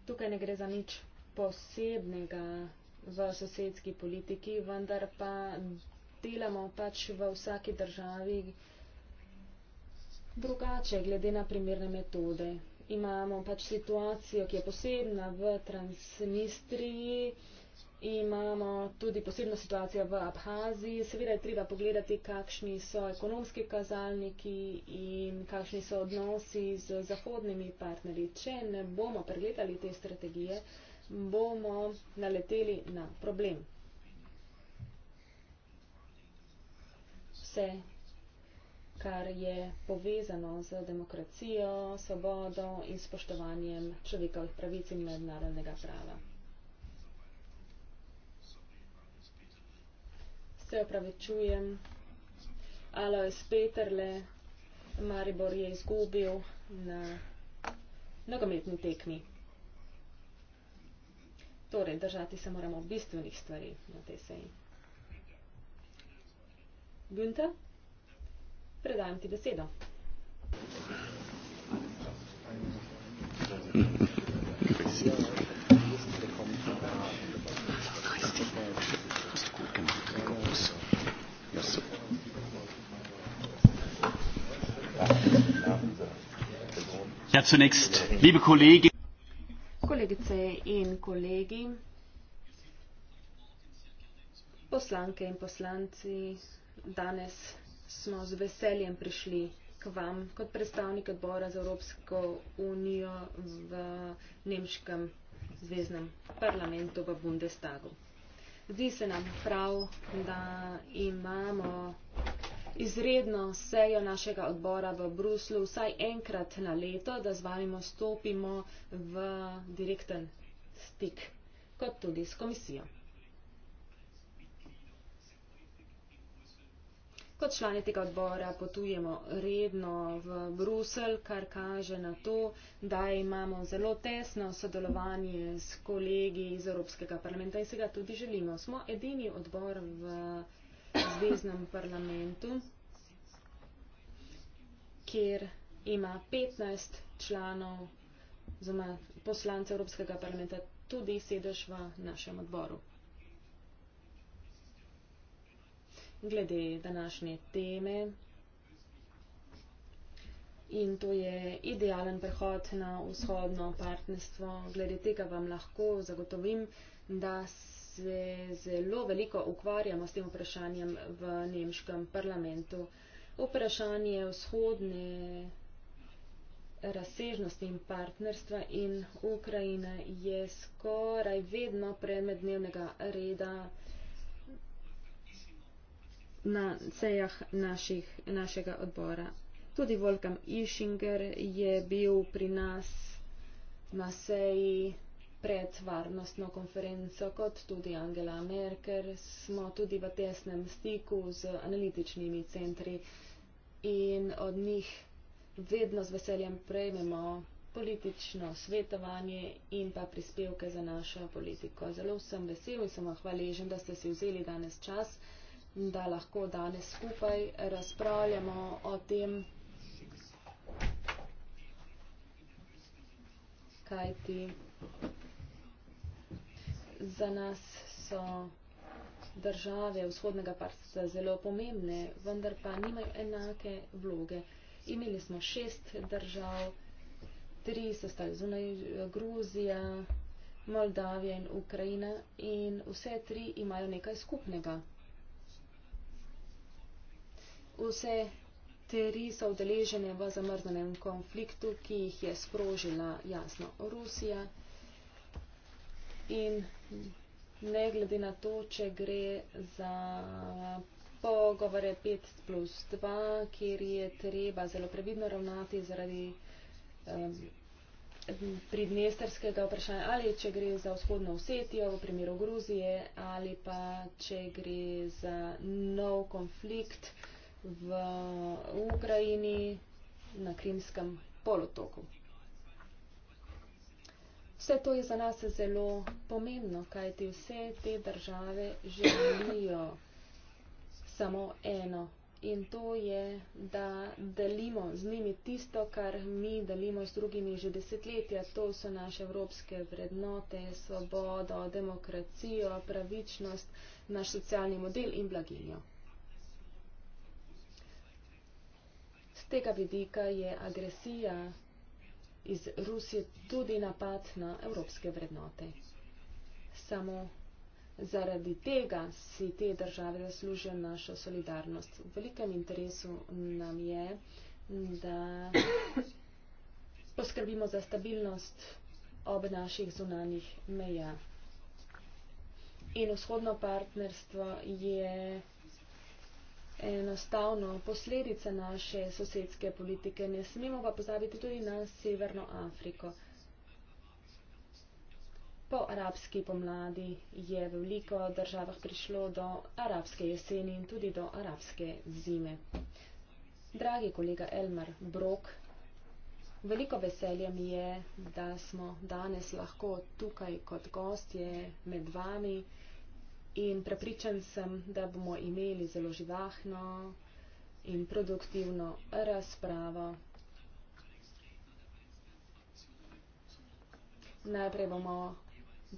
Tukaj ne gre za nič posebnega v sosedski politiki, vendar pa delamo pač v vsaki državi drugače, glede na primerne metode. Imamo pač situacijo, ki je posebna v Transnistriji, imamo tudi posebno situacijo v Abhaziji. Seveda je treba pogledati, kakšni so ekonomski kazalniki in kakšni so odnosi z zahodnimi partnerji. Če ne bomo pregledali te strategije, bomo naleteli na problem. vse, kar je povezano z demokracijo, svobodo in spoštovanjem človekovih pravic in mednarodnega prava. Se opravičujem, Alois Peterle, Maribor je izgubil na nogometni tekmi. Torej, držati se moramo bistvenih stvari na tej seji. Günter, predajam ti besedo. Ja, zunächst, liebe Kollegin. Kolegice in kolegi, poslanke in poslanci, danes smo z veseljem prišli k vam kot predstavnik odbora za Evropsko unijo v Nemškem zvezdnem parlamentu v Bundestagu. Zdi se nam prav, da imamo izredno sejo našega odbora v Bruslu vsaj enkrat na leto, da z vami stopimo v direkten stik, kot tudi s komisijo. kot člani tega odbora potujemo redno v Bruselj, kar kaže na to, da imamo zelo tesno sodelovanje s kolegi iz Evropskega parlamenta in se ga tudi želimo. Smo edini odbor v Zvezdnem parlamentu, kjer ima 15 članov oziroma poslancev Evropskega parlamenta tudi sedež v našem odboru. glede današnje teme. In to je idealen prehod na vzhodno partnerstvo. Glede tega vam lahko zagotovim, da se zelo veliko ukvarjamo s tem vprašanjem v nemškem parlamentu. Vprašanje vzhodne razsežnosti in partnerstva in Ukrajine je skoraj vedno predmet dnevnega reda na sejah naših, našega odbora. Tudi Volkan Išinger je bil pri nas na seji pred varnostno konferenco, kot tudi Angela Merker. Smo tudi v tesnem stiku z analitičnimi centri in od njih vedno z veseljem prejmemo politično svetovanje in pa prispevke za našo politiko. Zelo sem vesel in sem hvaležen, da ste si vzeli danes čas da lahko danes skupaj razpravljamo o tem, kaj ti za nas so države vzhodnega parca zelo pomembne, vendar pa nimajo enake vloge. Imeli smo šest držav, tri so stali zunaj Gruzija, Moldavija in Ukrajina in vse tri imajo nekaj skupnega vse te riso vdeležene v zamrznenem konfliktu, ki jih je sprožila jasno Rusija. In ne glede na to, če gre za pogovore 5 plus 2, kjer je treba zelo previdno ravnati zaradi um, pridnesterskega vprašanja, ali če gre za vzhodno Osetijo v primeru Gruzije, ali pa če gre za nov konflikt v Ukrajini, na Krimskem polotoku. Vse to je za nas zelo pomembno, kajti vse te države želijo samo eno in to je, da delimo z njimi tisto, kar mi delimo z drugimi že desetletja. To so naše evropske vrednote, svobodo, demokracijo, pravičnost, naš socialni model in blaginjo. z tega vidika je agresija iz Rusije tudi napad na evropske vrednote. Samo zaradi tega si te države zaslužijo našo solidarnost. V velikem interesu nam je, da poskrbimo za stabilnost ob naših zunanjih meja. In vzhodno partnerstvo je enostavno posledice naše sosedske politike. Ne smemo pa pozabiti tudi na Severno Afriko. Po arabski pomladi je v veliko državah prišlo do arabske jeseni in tudi do arabske zime. Dragi kolega Elmar Brok, veliko veselje mi je, da smo danes lahko tukaj kot gostje med vami. In prepričan sem, da bomo imeli zelo živahno in produktivno razpravo. Najprej bomo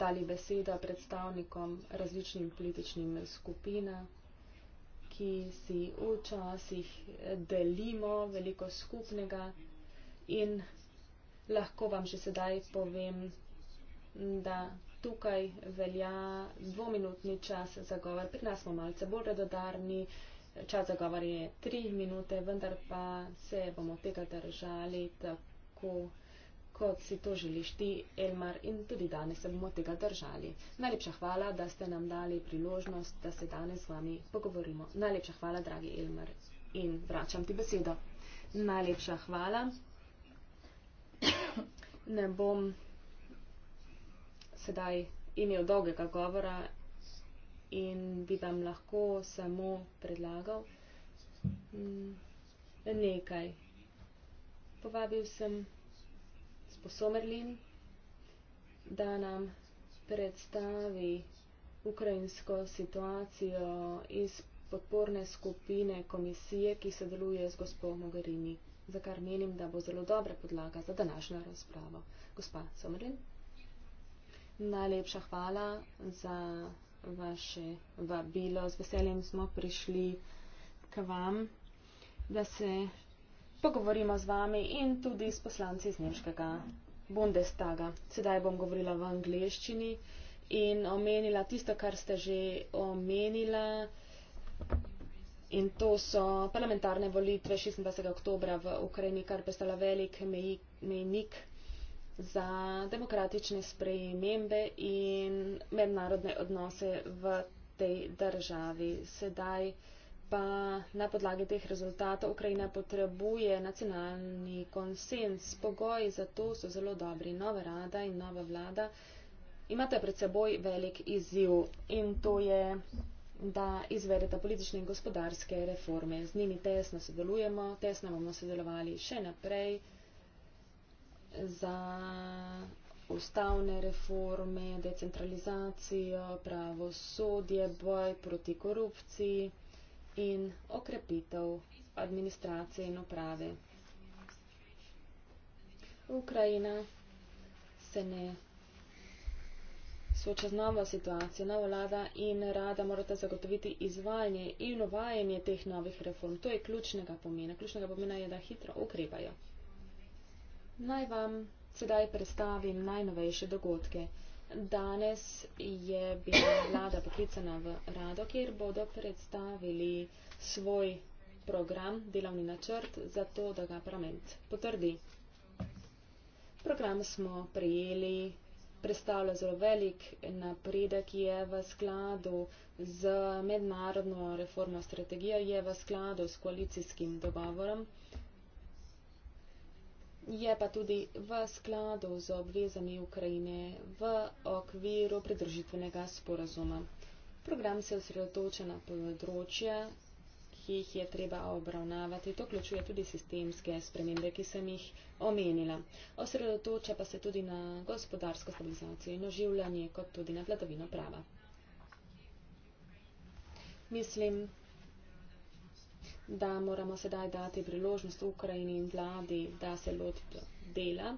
dali besedo predstavnikom različnim političnim skupinam, ki si včasih delimo veliko skupnega in lahko vam že sedaj povem, da tukaj velja dvominutni čas za govor. Pri nas smo malce bolj radodarni, čas za govor je tri minute, vendar pa se bomo tega držali tako, kot si to želiš ti, Elmar, in tudi danes se bomo tega držali. Najlepša hvala, da ste nam dali priložnost, da se danes z vami pogovorimo. Najlepša hvala, dragi Elmar, in vračam ti besedo. Najlepša hvala. Ne bom sedaj imel dolgega govora in bi vam lahko samo predlagal mm, nekaj. Povabil sem sposomerlin, da nam predstavi ukrajinsko situacijo iz podporne skupine komisije, ki sodeluje z gospod Mogherini, za kar menim, da bo zelo dobra podlaga za današnjo razpravo. Gospa Somerlin. Najlepša hvala za vaše vabilo. Z veseljem smo prišli k vam, da se pogovorimo z vami in tudi s poslanci iz nemškega Bundestaga. Sedaj bom govorila v angleščini in omenila tisto, kar ste že omenila. In to so parlamentarne volitve 26. oktobra v Ukrajini, kar predstavlja velik mejnik za demokratične spremembe in mednarodne odnose v tej državi. Sedaj pa na podlagi teh rezultatov Ukrajina potrebuje nacionalni konsens. Pogoji za to so zelo dobri. Nova rada in nova vlada imate pred seboj velik izziv in to je, da izvedete politične in gospodarske reforme. Z njimi tesno sodelujemo, tesno bomo sodelovali še naprej za ustavne reforme, decentralizacijo, pravosodje, boj proti korupciji in okrepitev administracije in uprave. Ukrajina se ne sooča z novo situacijo, nova vlada in rada morata zagotoviti izvajanje in uvajanje teh novih reform. To je ključnega pomena. Ključnega pomena je, da hitro ukrepajo. Naj vam sedaj predstavim najnovejše dogodke. Danes je bila vlada poklicana v Rado, kjer bodo predstavili svoj program, delovni načrt, za to, da ga parlament potrdi. Program smo prijeli, predstavlja zelo velik napredek, je v skladu z mednarodno reformo strategijo, je v skladu s koalicijskim dogovorom je pa tudi v skladu z obvezami Ukrajine v okviru pridržitvenega sporazuma. Program se osredotoča na področja, ki jih je treba obravnavati. To vključuje tudi sistemske spremembe, ki sem jih omenila. Osredotoča pa se tudi na gospodarsko stabilizacijo in oživljanje, kot tudi na vladavino prava. Mislim, da moramo sedaj dati priložnost Ukrajini in vladi, da se loti dela.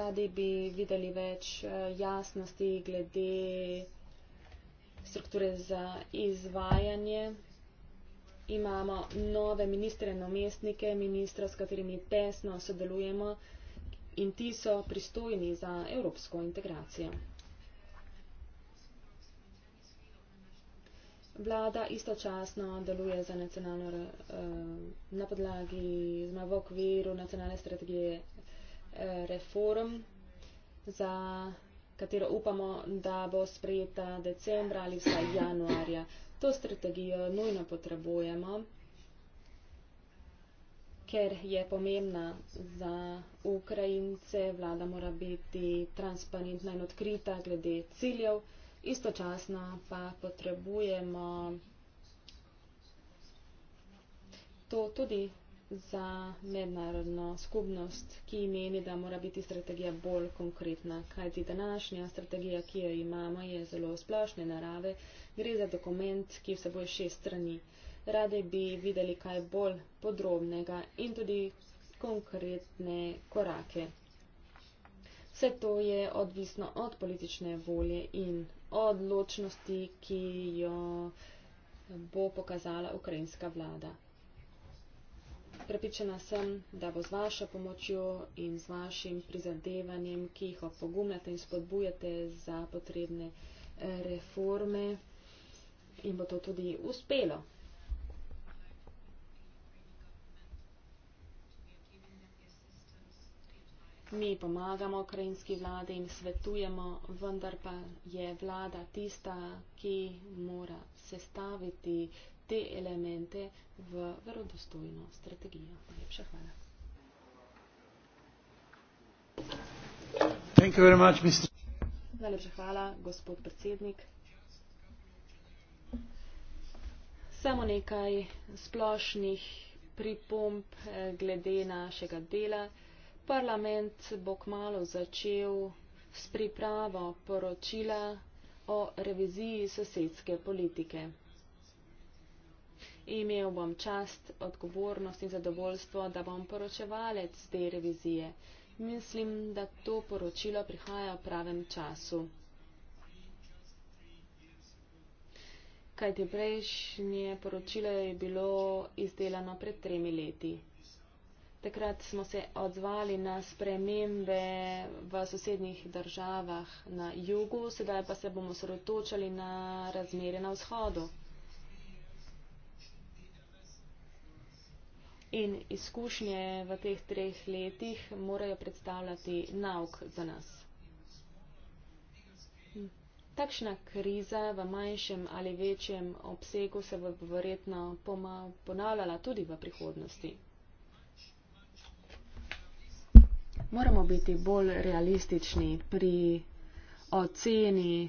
Radi bi videli več eh, jasnosti glede strukture za izvajanje. Imamo nove ministre in omestnike, ministra, s katerimi tesno sodelujemo in ti so pristojni za evropsko integracijo. vlada istočasno deluje za nacionalno, eh, na podlagi, zna v okviru nacionalne strategije eh, reform, za katero upamo, da bo sprejeta decembra ali vsaj januarja. To strategijo nujno potrebujemo, ker je pomembna za Ukrajince. Vlada mora biti transparentna in odkrita glede ciljev istočasno pa potrebujemo to tudi za mednarodno skupnost, ki meni, da mora biti strategija bolj konkretna, kajti današnja strategija, ki jo imamo, je zelo splošne narave. Gre za dokument, ki vseboj šest strani. Rade bi videli kaj bolj podrobnega in tudi konkretne korake. Vse to je odvisno od politične volje in odločnosti, ki jo bo pokazala ukrajinska vlada. Prepričana sem, da bo z vašo pomočjo in z vašim prizadevanjem, ki jih opogumljate in spodbujate za potrebne eh, reforme, in bo to tudi uspelo. Mi pomagamo ukrajinski vladi in svetujemo, vendar pa je vlada tista, ki mora sestaviti te elemente v verodostojno strategijo. Najlepša hvala. Najlepša hvala, gospod predsednik. Samo nekaj splošnih pripomp eh, glede našega dela. Parlament bo kmalo začel s pripravo poročila o reviziji sosedske politike. Imel bom čast, odgovornost in zadovoljstvo, da bom poročevalec te revizije. Mislim, da to poročilo prihaja v pravem času. Kajti prejšnje poročilo je bilo izdelano pred tremi leti takrat smo se odzvali na spremembe v sosednjih državah na jugu, sedaj pa se bomo sredotočali na razmere na vzhodu. In izkušnje v teh treh letih morajo predstavljati nauk za nas. Takšna kriza v manjšem ali večjem obsegu se bo verjetno ponavljala tudi v prihodnosti. moramo biti bolj realistični pri oceni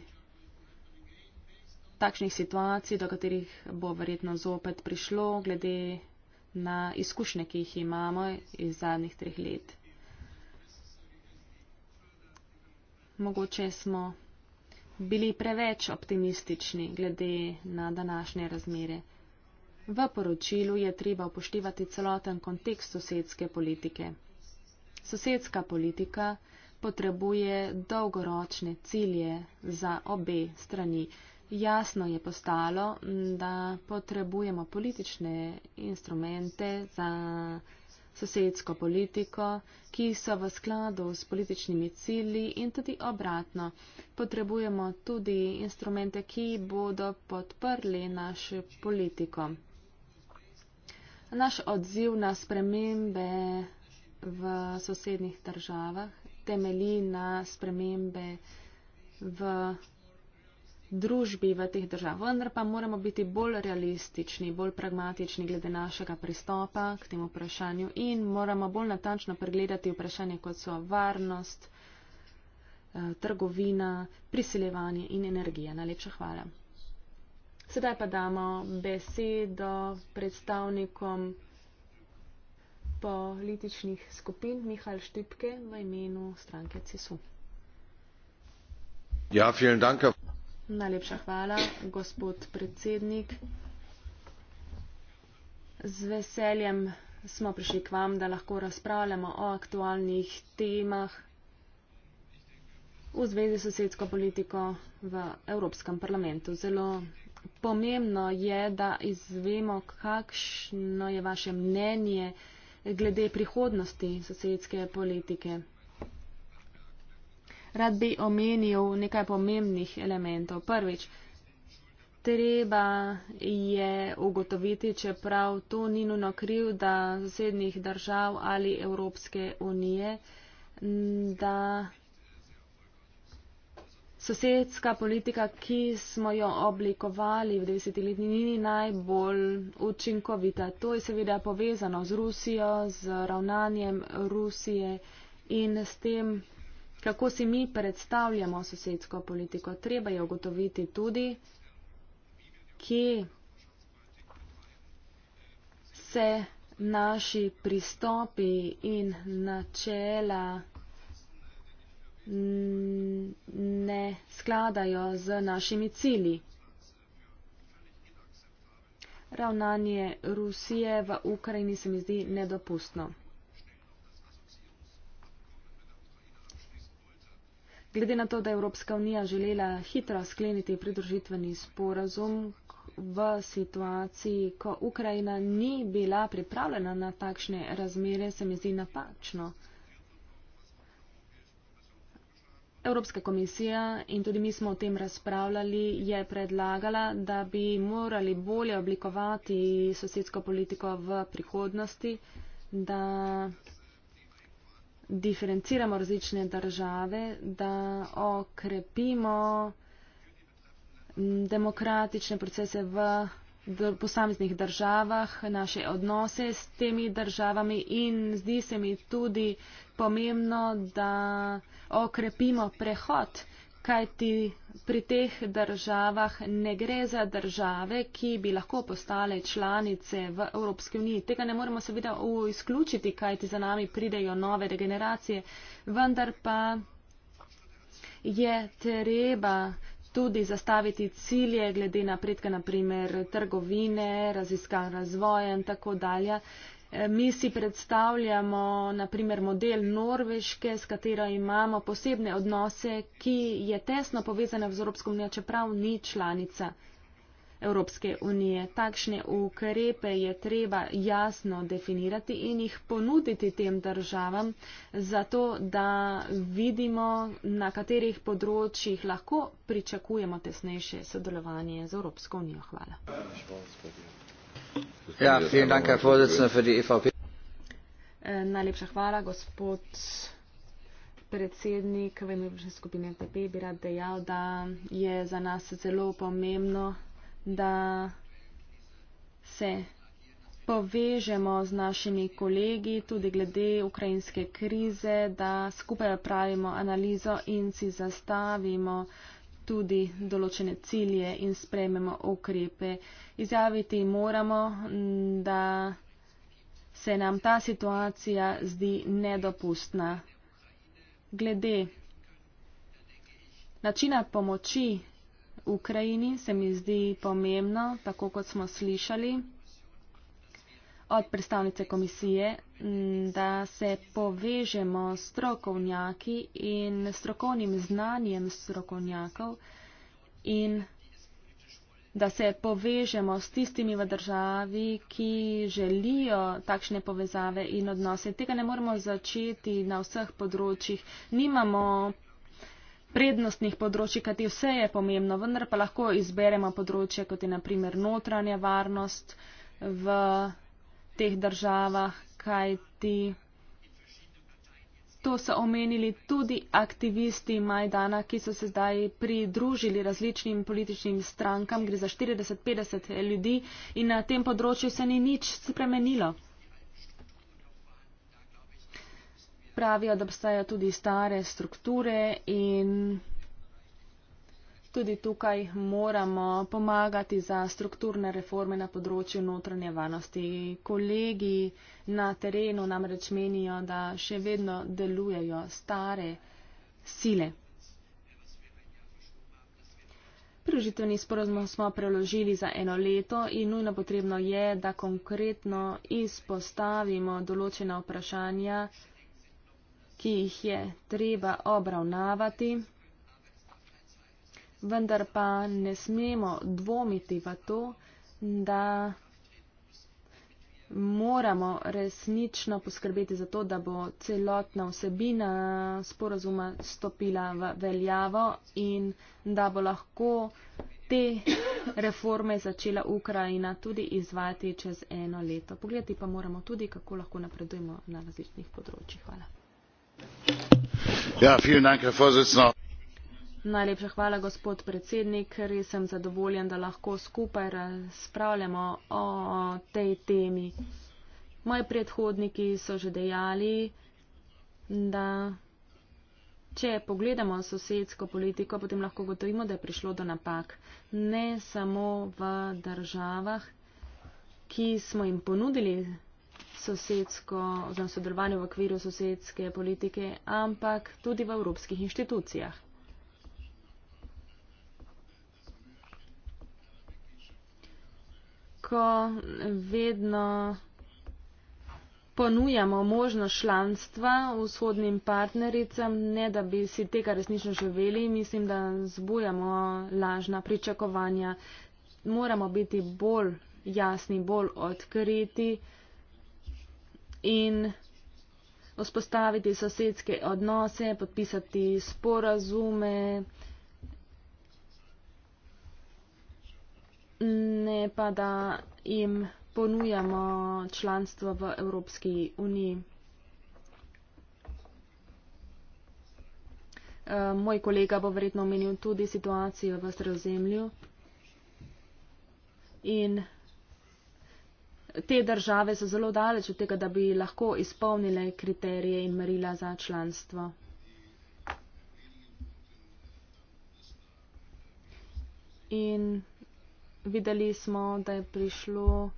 takšnih situacij, do katerih bo verjetno zopet prišlo, glede na izkušnje, ki jih imamo iz zadnjih treh let. Mogoče smo bili preveč optimistični glede na današnje razmere. V poročilu je treba upoštevati celoten kontekst sosedske politike. Sosedska politika potrebuje dolgoročne cilje za obe strani. Jasno je postalo, da potrebujemo politične instrumente za sosedsko politiko, ki so v skladu s političnimi cilji in tudi obratno. Potrebujemo tudi instrumente, ki bodo podprli našo politiko. Naš odziv na spremembe v sosednjih državah, temelji na spremembe v družbi v teh držav. Vendar pa moramo biti bolj realistični, bolj pragmatični glede našega pristopa k temu vprašanju in moramo bolj natančno pregledati vprašanje, kot so varnost, eh, trgovina, prisilevanje in energija. Najlepša hvala. Sedaj pa damo besedo predstavnikom političnih skupin Mihajl Štipke v imenu stranke CSU. Ja, danke. Najlepša hvala, gospod predsednik. Z veseljem smo prišli k vam, da lahko razpravljamo o aktualnih temah v zvezi s sosedsko politiko v Evropskem parlamentu. Zelo pomembno je, da izvemo, kakšno je vaše mnenje, glede prihodnosti sosedske politike. Rad bi omenil nekaj pomembnih elementov. Prvič, treba je ugotoviti, čeprav to ni nujno kriv, da sosednjih držav ali Evropske unije, da sosedska politika, ki smo jo oblikovali v 90. letni, ni najbolj učinkovita. To je seveda povezano z Rusijo, z ravnanjem Rusije in s tem, kako si mi predstavljamo sosedsko politiko. Treba je ugotoviti tudi, kje se naši pristopi in načela ne skladajo z našimi cili. Ravnanje Rusije v Ukrajini se mi zdi nedopustno. Glede na to, da je Evropska unija želela hitro skleniti pridružitveni sporazum v situaciji, ko Ukrajina ni bila pripravljena na takšne razmere, se mi zdi napačno. Evropska komisija in tudi mi smo o tem razpravljali, je predlagala, da bi morali bolje oblikovati sosedsko politiko v prihodnosti, da diferenciramo različne države, da okrepimo demokratične procese v posameznih državah, naše odnose s temi državami in zdi se mi tudi pomembno, da okrepimo prehod, kajti pri teh državah ne gre za države, ki bi lahko postale članice v Evropski uniji. Tega ne moremo seveda izključiti, kajti za nami pridejo nove generacije, vendar pa je treba tudi zastaviti cilje glede napredka, naprimer trgovine, raziskav razvoja in tako dalje. Mi si predstavljamo naprimer model Norveške, s katero imamo posebne odnose, ki je tesno povezana z Evropsko unijo, čeprav ni članica Evropske unije. Takšne ukrepe je treba jasno definirati in jih ponuditi tem državam, zato da vidimo, na katerih področjih lahko pričakujemo tesnejše sodelovanje z Evropsko unijo. Hvala. Ja, e eh, najlepša hvala, gospod predsednik Venerične skupine FDP. Bi rad dejal, da je za nas zelo pomembno, da se povežemo z našimi kolegi tudi glede ukrajinske krize, da skupaj pravimo analizo in si zastavimo tudi določene cilje in sprejmemo ukrepe. Izjaviti moramo, mm, da se nam ta situacija zdi nedopustna. Glede načina pomoči Ukrajini se mi zdi pomembno, tako kot smo slišali od predstavnice komisije, da se povežemo strokovnjaki in strokovnim znanjem strokovnjakov in da se povežemo s tistimi v državi, ki želijo takšne povezave in odnose. Tega ne moramo začeti na vseh področjih. Nimamo prednostnih področji, kajti vse je pomembno, vendar pa lahko izberemo področje, kot je naprimer notranja varnost v teh državah, kajti to so omenili tudi aktivisti Majdana, ki so se zdaj pridružili različnim političnim strankam, gre za 40-50 ljudi in na tem področju se ni nič spremenilo. Pravijo, da obstajajo tudi stare strukture in Tudi tukaj moramo pomagati za strukturne reforme na področju notranje varnosti. Kolegi na terenu namreč menijo, da še vedno delujejo stare sile. Pružitveni sporozum smo preložili za eno leto in nujno potrebno je, da konkretno izpostavimo določena vprašanja, ki jih je treba obravnavati vendar pa ne smemo dvomiti v to, da moramo resnično poskrbeti za to, da bo celotna vsebina sporazuma stopila v veljavo in da bo lahko te reforme začela Ukrajina tudi izvati čez eno leto. Pogledati pa moramo tudi, kako lahko napredujemo na različnih področjih. Hvala. Ja, vielen Dank, Herr Vorsitzender. Najlepša hvala, gospod predsednik. Res sem zadovoljen, da lahko skupaj razpravljamo o tej temi. Moji predhodniki so že dejali, da če pogledamo sosedsko politiko, potem lahko gotovimo, da je prišlo do napak. Ne samo v državah, ki smo jim ponudili sosedsko oziroma sodelovanje v okviru sosedske politike, ampak tudi v evropskih inštitucijah. nekako vedno ponujamo možnost članstva vzhodnim partnericam, ne da bi si tega resnično želeli. Mislim, da zbujamo lažna pričakovanja. Moramo biti bolj jasni, bolj odkriti in vzpostaviti sosedske odnose, podpisati sporazume, ne pa da jim ponujamo članstvo v Evropski uniji. Eh, moj kolega bo verjetno omenil tudi situacijo v Sredozemlju in te države so zelo daleč od tega, da bi lahko izpolnile kriterije in merila za članstvo. In videli smo, da je prišlo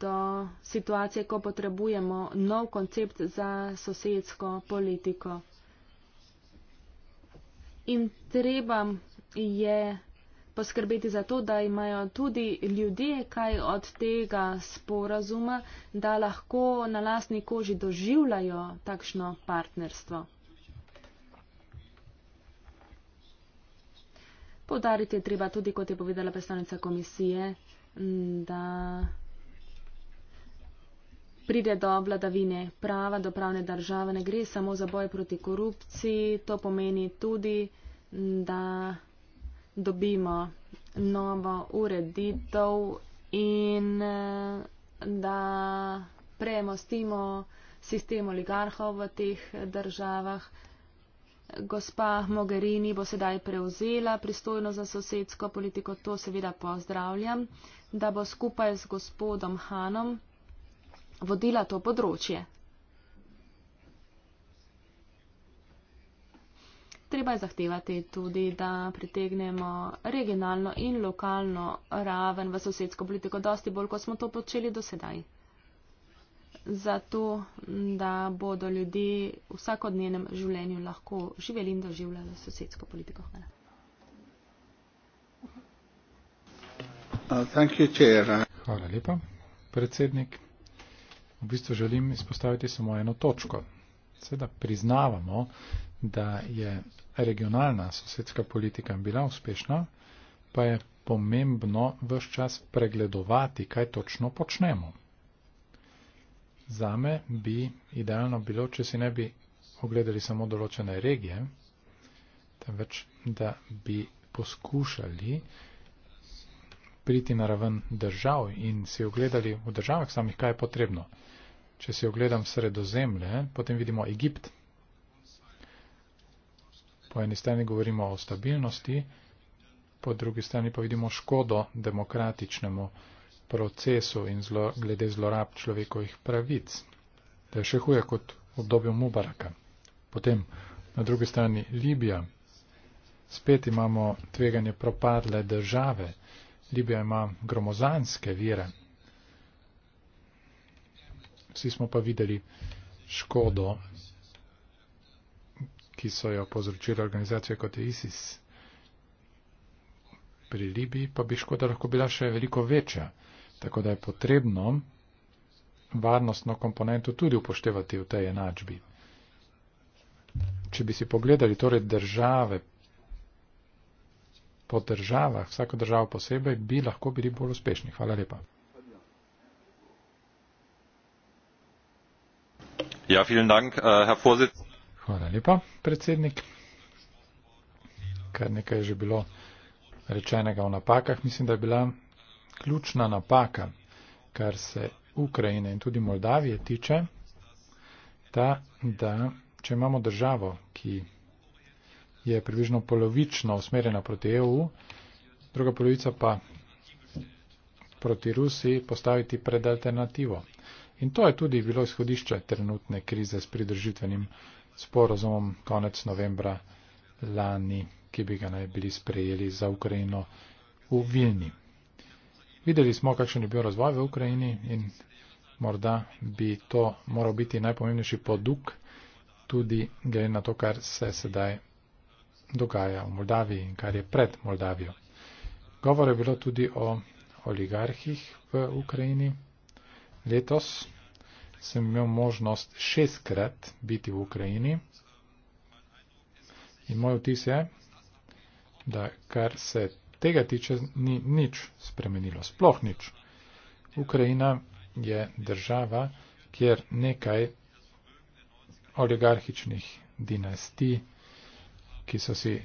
do situacije, ko potrebujemo nov koncept za sosedsko politiko. In treba je poskrbeti za to, da imajo tudi ljudje kaj od tega sporazuma, da lahko na lastni koži doživljajo takšno partnerstvo. Podariti je treba tudi, kot je povedala predstavnica komisije, da pride do vladavine prava, do pravne države. Ne gre samo za boj proti korupciji, to pomeni tudi, da dobimo novo ureditev in da premostimo sistem oligarhov v teh državah. Gospa Mogherini bo sedaj prevzela pristojno za sosedsko politiko, to seveda pozdravljam, da bo skupaj z gospodom Hanom vodila to področje. Treba je zahtevati tudi, da pritegnemo regionalno in lokalno raven v sosedsko politiko, dosti bolj, kot smo to počeli do sedaj zato da bodo ljudje v vsakodnevnem življenju lahko živeli in doživljali sosedsko politiko. Hvala. Uh, Hvala lepa, predsednik. V bistvu želim izpostaviti samo eno točko. Seveda priznavamo, da je regionalna sosedska politika bila uspešna, pa je pomembno vse čas pregledovati, kaj točno počnemo. Zame bi idealno bilo, če si ne bi ogledali samo določene regije, temveč da bi poskušali priti na raven držav in si ogledali v državah samih, kaj je potrebno. Če si ogledam sredozemlje, potem vidimo Egipt. Po eni strani govorimo o stabilnosti, po drugi strani pa vidimo škodo demokratičnemu procesu in zlo, glede zlorab človekovih pravic. To je še huje kot v obdobju Mubaraka. Potem na drugi strani Libija. Spet imamo tveganje propadle države. Libija ima gromozanske vire. Vsi smo pa videli škodo, ki so jo povzročile organizacije kot ISIS. Pri Libiji pa bi škoda lahko bila še veliko večja. Tako da je potrebno varnostno komponento tudi upoštevati v tej enačbi. Če bi si pogledali torej države po državah, vsako državo posebej, bi lahko bili bolj uspešni. Hvala lepa. Ja, vielen Dank, äh, Herr Vorsitz. Hvala lepa, predsednik. Kar nekaj je že bilo rečenega o napakah, mislim, da je bila ključna napaka, kar se Ukrajine in tudi Moldavije tiče, ta, da če imamo državo, ki je približno polovično usmerjena proti EU, druga polovica pa proti Rusiji postaviti pred alternativo. In to je tudi bilo izhodišče trenutne krize s pridržitvenim sporozumom konec novembra lani, ki bi ga naj bili sprejeli za Ukrajino v Vilni. Videli smo, kakšen je bil razvoj v Ukrajini in morda bi to moral biti najpomembnejši poduk tudi glede na to, kar se sedaj dogaja v Moldaviji in kar je pred Moldavijo. Govor je bilo tudi o oligarhih v Ukrajini. Letos sem imel možnost šestkrat biti v Ukrajini in moj vtis je, da kar se tega tiče, ni nič spremenilo, sploh nič. Ukrajina je država, kjer nekaj oligarhičnih dinastij, ki so si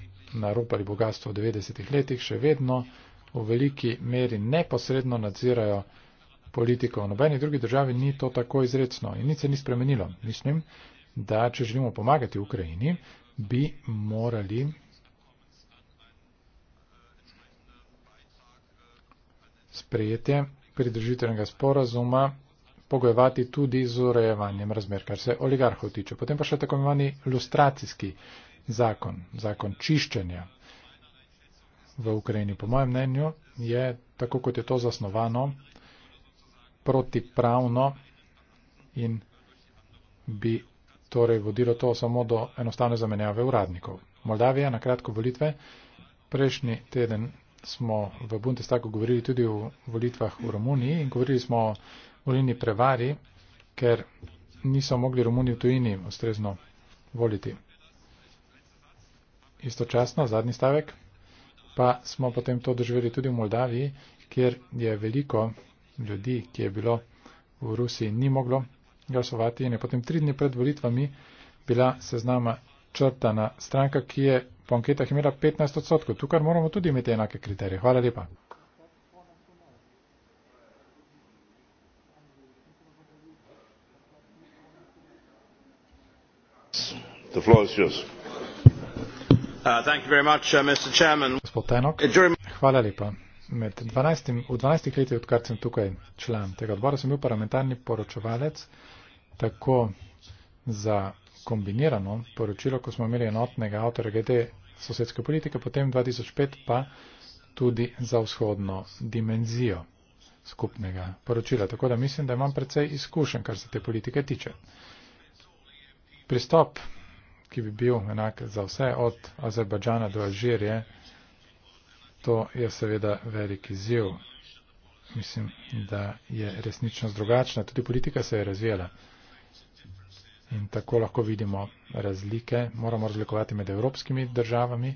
naropali bogatstvo v 90-ih letih, še vedno v veliki meri neposredno nadzirajo politiko. V nobeni drugi državi ni to tako izrecno in nič se ni spremenilo. Mislim, da če želimo pomagati Ukrajini, bi morali sprejetje pridružitvenega sporazuma pogojevati tudi z urejevanjem razmer, kar se oligarhov tiče. Potem pa še tako imenovani lustracijski zakon, zakon čiščenja v Ukrajini. Po mojem mnenju je, tako kot je to zasnovano, protipravno in bi torej vodilo to samo do enostavne zamenjave uradnikov. Moldavija na kratko volitve. Prejšnji teden smo v Bundestagu govorili tudi o volitvah v Romuniji in govorili smo o volilni prevari, ker niso mogli Romuniji v tujini ustrezno voliti. Istočasno, zadnji stavek, pa smo potem to doživeli tudi v Moldaviji, kjer je veliko ljudi, ki je bilo v Rusiji, ni moglo glasovati in je potem tri dni pred volitvami bila seznama črtana stranka, ki je po anketah imela 15 odstotkov. Tukaj moramo tudi imeti enake kriterije. Hvala lepa. Uh, uh, uh, Hvala lepa. Med 12, v 12 letih, odkar sem tukaj član tega odbora, sem bil parlamentarni poročevalec tako za kombinirano poročilo, ko smo imeli enotnega avtorja glede sosedske politike, potem 2005 pa tudi za vzhodno dimenzijo skupnega poročila. Tako da mislim, da imam precej izkušen, kar se te politike tiče. Pristop, ki bi bil enak za vse, od Azerbajdžana do Alžirije, to je seveda velik izziv. Mislim, da je resničnost drugačna, tudi politika se je razvijala. In tako lahko vidimo razlike. Moramo razlikovati med evropskimi državami,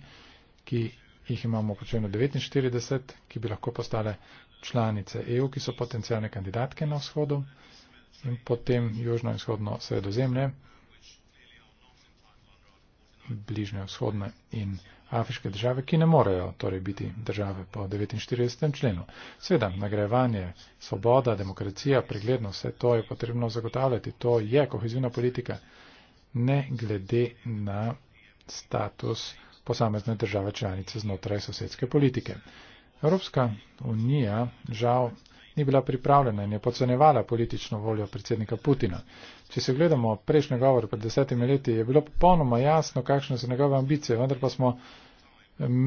ki jih imamo počeno 49, ki bi lahko postale članice EU, ki so potencijalne kandidatke na vzhodu, in potem južno-vzhodno sredozemlje, bližnje vzhodne in afriške države, ki ne morejo torej biti države po 49. členu. Sveda, nagrajevanje, svoboda, demokracija, pregledno, vse to je potrebno zagotavljati. To je kohezivna politika, ne glede na status posamezne države članice znotraj sosedske politike. Evropska unija žal ni bila pripravljena in je podcenevala politično voljo predsednika Putina. Če se gledamo prejšnje govore pred desetimi leti, je bilo popolnoma jasno, kakšne so njegove ambicije, vendar pa smo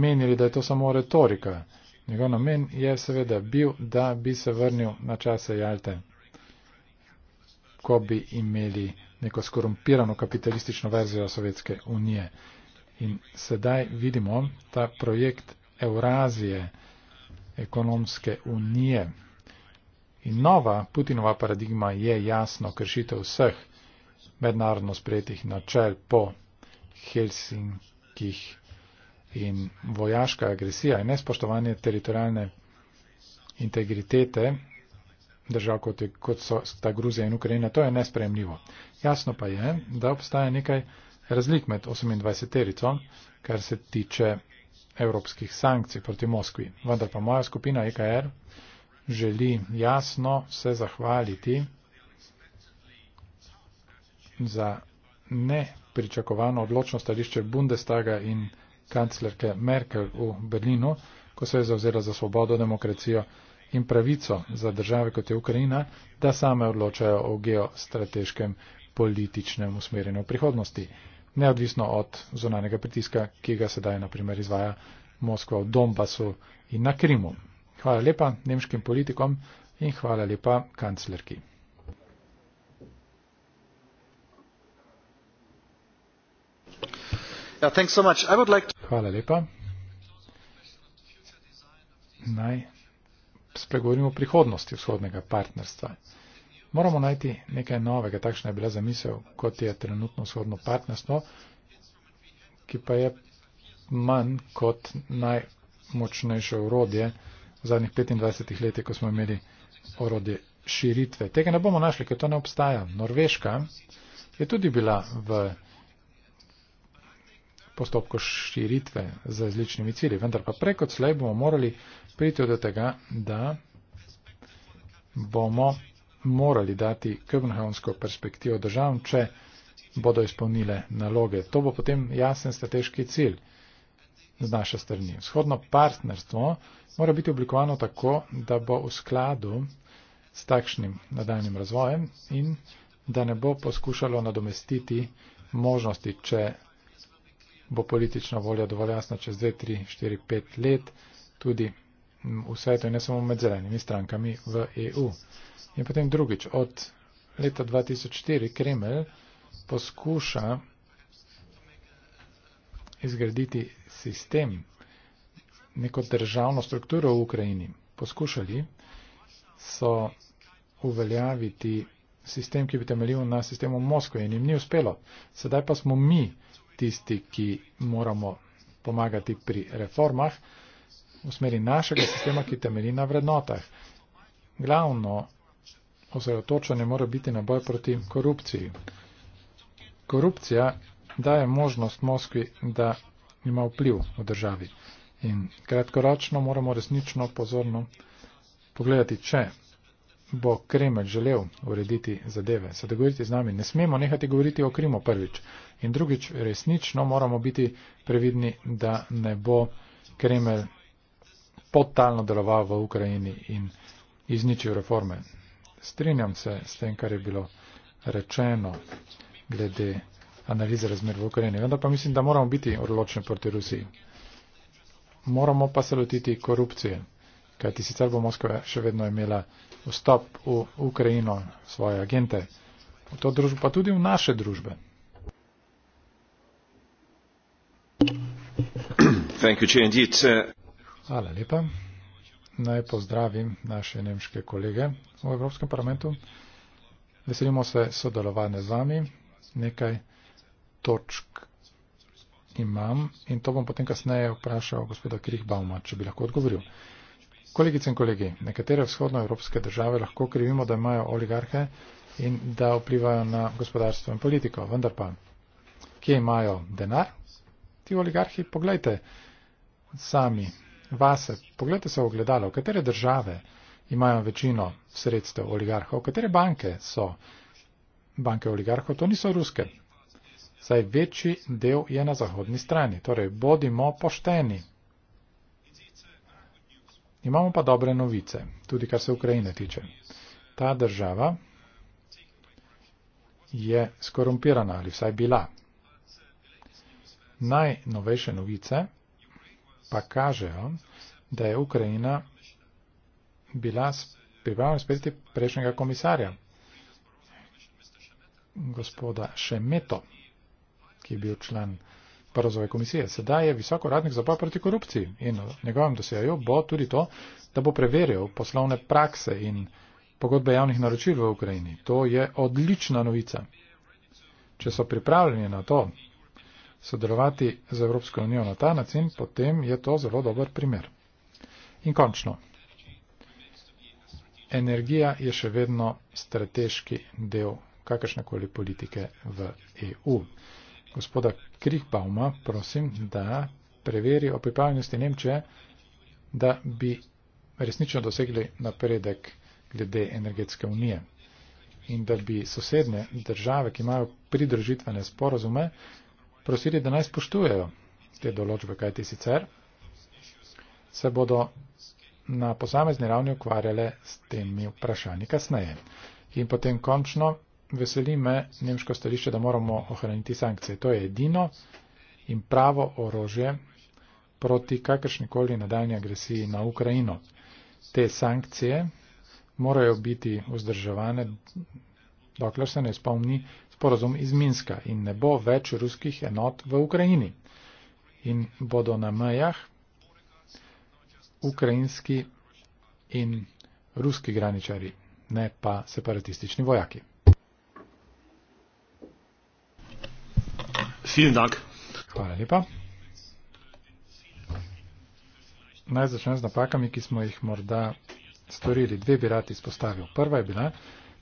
menili, da je to samo retorika. Njegov namen je seveda bil, da bi se vrnil na čase Jalte, ko bi imeli neko skorumpirano kapitalistično verzijo Sovjetske unije. In sedaj vidimo ta projekt Eurazije, ekonomske unije, In nova Putinova paradigma je jasno kršitev vseh mednarodno sprejetih načel po Helsinkih in vojaška agresija in nespoštovanje teritorijalne integritete držav, kot, je, kot so ta Gruzija in Ukrajina, to je nespremljivo. Jasno pa je, da obstaja nekaj razlik med 28 tericom, kar se tiče evropskih sankcij proti Moskvi. Vendar pa moja skupina EKR želi jasno se zahvaliti za nepričakovano odločno stališče Bundestaga in kanclerke Merkel v Berlinu, ko se je zauzela za svobodo, demokracijo in pravico za države, kot je Ukrajina, da same odločajo o geostrateškem političnem usmerjenju v prihodnosti, neodvisno od zunanjega pritiska, ki ga sedaj, na primer, izvaja Moskva v Donbasu in na Krimu. Hvala lepa nemškim politikom in hvala lepa kanclerki. Hvala lepa. Naj spregovorimo o prihodnosti vzhodnega partnerstva. Moramo najti nekaj novega, takšna je bila zamisel, kot je trenutno vzhodno partnerstvo, ki pa je manj kot najmočnejše urodje, zadnjih 25 let, ko smo imeli orodje širitve. Tega ne bomo našli, ker to ne obstaja. Norveška je tudi bila v postopku širitve z različnimi cilji, vendar pa preko slej bomo morali priti do tega, da bomo morali dati Köbenhavnsko perspektivo državam, če bodo izpolnile naloge. To bo potem jasen strateški cilj z naše strani. Vzhodno partnerstvo mora biti oblikovano tako, da bo v skladu s takšnim nadaljnim razvojem in da ne bo poskušalo nadomestiti možnosti, če bo politična volja dovolj jasna čez 2, 3, 4, 5 let, tudi v svetu in ne samo med zelenimi strankami v EU. In potem drugič, od leta 2004 Kremelj poskuša izgraditi sistem, neko državno strukturo v Ukrajini. Poskušali so uveljaviti sistem, ki bi temeljil na sistemu Moskve in jim ni uspelo. Sedaj pa smo mi tisti, ki moramo pomagati pri reformah v smeri našega sistema, ki temelji na vrednotah. Glavno osredotočanje mora biti na boj proti korupciji. Korupcija daje možnost Moskvi, da ima vpliv v državi. In kratkoročno moramo resnično pozorno pogledati, če bo Kremelj želel urediti zadeve, se dogovoriti z nami. Ne smemo nehati govoriti o Krimu prvič. In drugič, resnično moramo biti previdni, da ne bo Kremelj potalno deloval v Ukrajini in izničil reforme. Strinjam se s tem, kar je bilo rečeno glede analize razmer v Ukrajini. Vendar pa mislim, da moramo biti odločni proti Rusiji. Moramo pa se lotiti korupcije, kajti sicer bo Moskva še vedno imela vstop v Ukrajino svoje agente, v to družbo pa tudi v naše družbe. Hvala lepa. Naj pozdravim naše nemške kolege v Evropskem parlamentu. Veselimo se sodelovanja z vami. Nekaj točk imam in to bom potem kasneje vprašal gospoda Krihbauma, če bi lahko odgovoril. Kolegice in kolegi, nekatere vzhodnoevropske države lahko krivimo, da imajo oligarhe in da vplivajo na gospodarstvo in politiko, vendar pa, kje imajo denar, ti oligarhi, poglejte sami vase, poglejte se v ogledalo, katere države imajo večino sredstev oligarhov, katere banke so banke oligarhov, to niso ruske saj večji del je na zahodni strani. Torej, bodimo pošteni. Imamo pa dobre novice, tudi kar se Ukrajine tiče. Ta država je skorumpirana ali vsaj bila. Najnovejše novice pa kažejo, da je Ukrajina bila pripravljena sprejeti prejšnjega komisarja, gospoda Šemeto ki je bil član Parozove komisije. Sedaj je visoko radnik za boj proti korupciji in njegovem dosejaju bo tudi to, da bo preveril poslovne prakse in pogodbe javnih naročil v Ukrajini. To je odlična novica. Če so pripravljeni na to sodelovati z Evropsko unijo na ta način, potem je to zelo dober primer. In končno. Energija je še vedno strateški del kakršnekoli politike v EU gospoda Krihbauma, prosim, da preveri o pripravljenosti Nemčije, da bi resnično dosegli napredek glede energetske unije in da bi sosedne države, ki imajo pridržitvene sporozume, prosili, da naj spoštujejo te določbe, kajti sicer se bodo na posamezni ravni ukvarjale s temi vprašanji kasneje. In potem končno veseli me nemško stališče, da moramo ohraniti sankcije. To je edino in pravo orožje proti kakršnikoli nadaljni agresiji na Ukrajino. Te sankcije morajo biti vzdrževane, dokler se ne spomni sporozum iz Minska in ne bo več ruskih enot v Ukrajini. In bodo na mejah ukrajinski in ruski graničari, ne pa separatistični vojaki. Vielen Dank. Hvala lepa. Naj začnem z napakami, ki smo jih morda storili. Dve bi rad izpostavil. Prva je bila,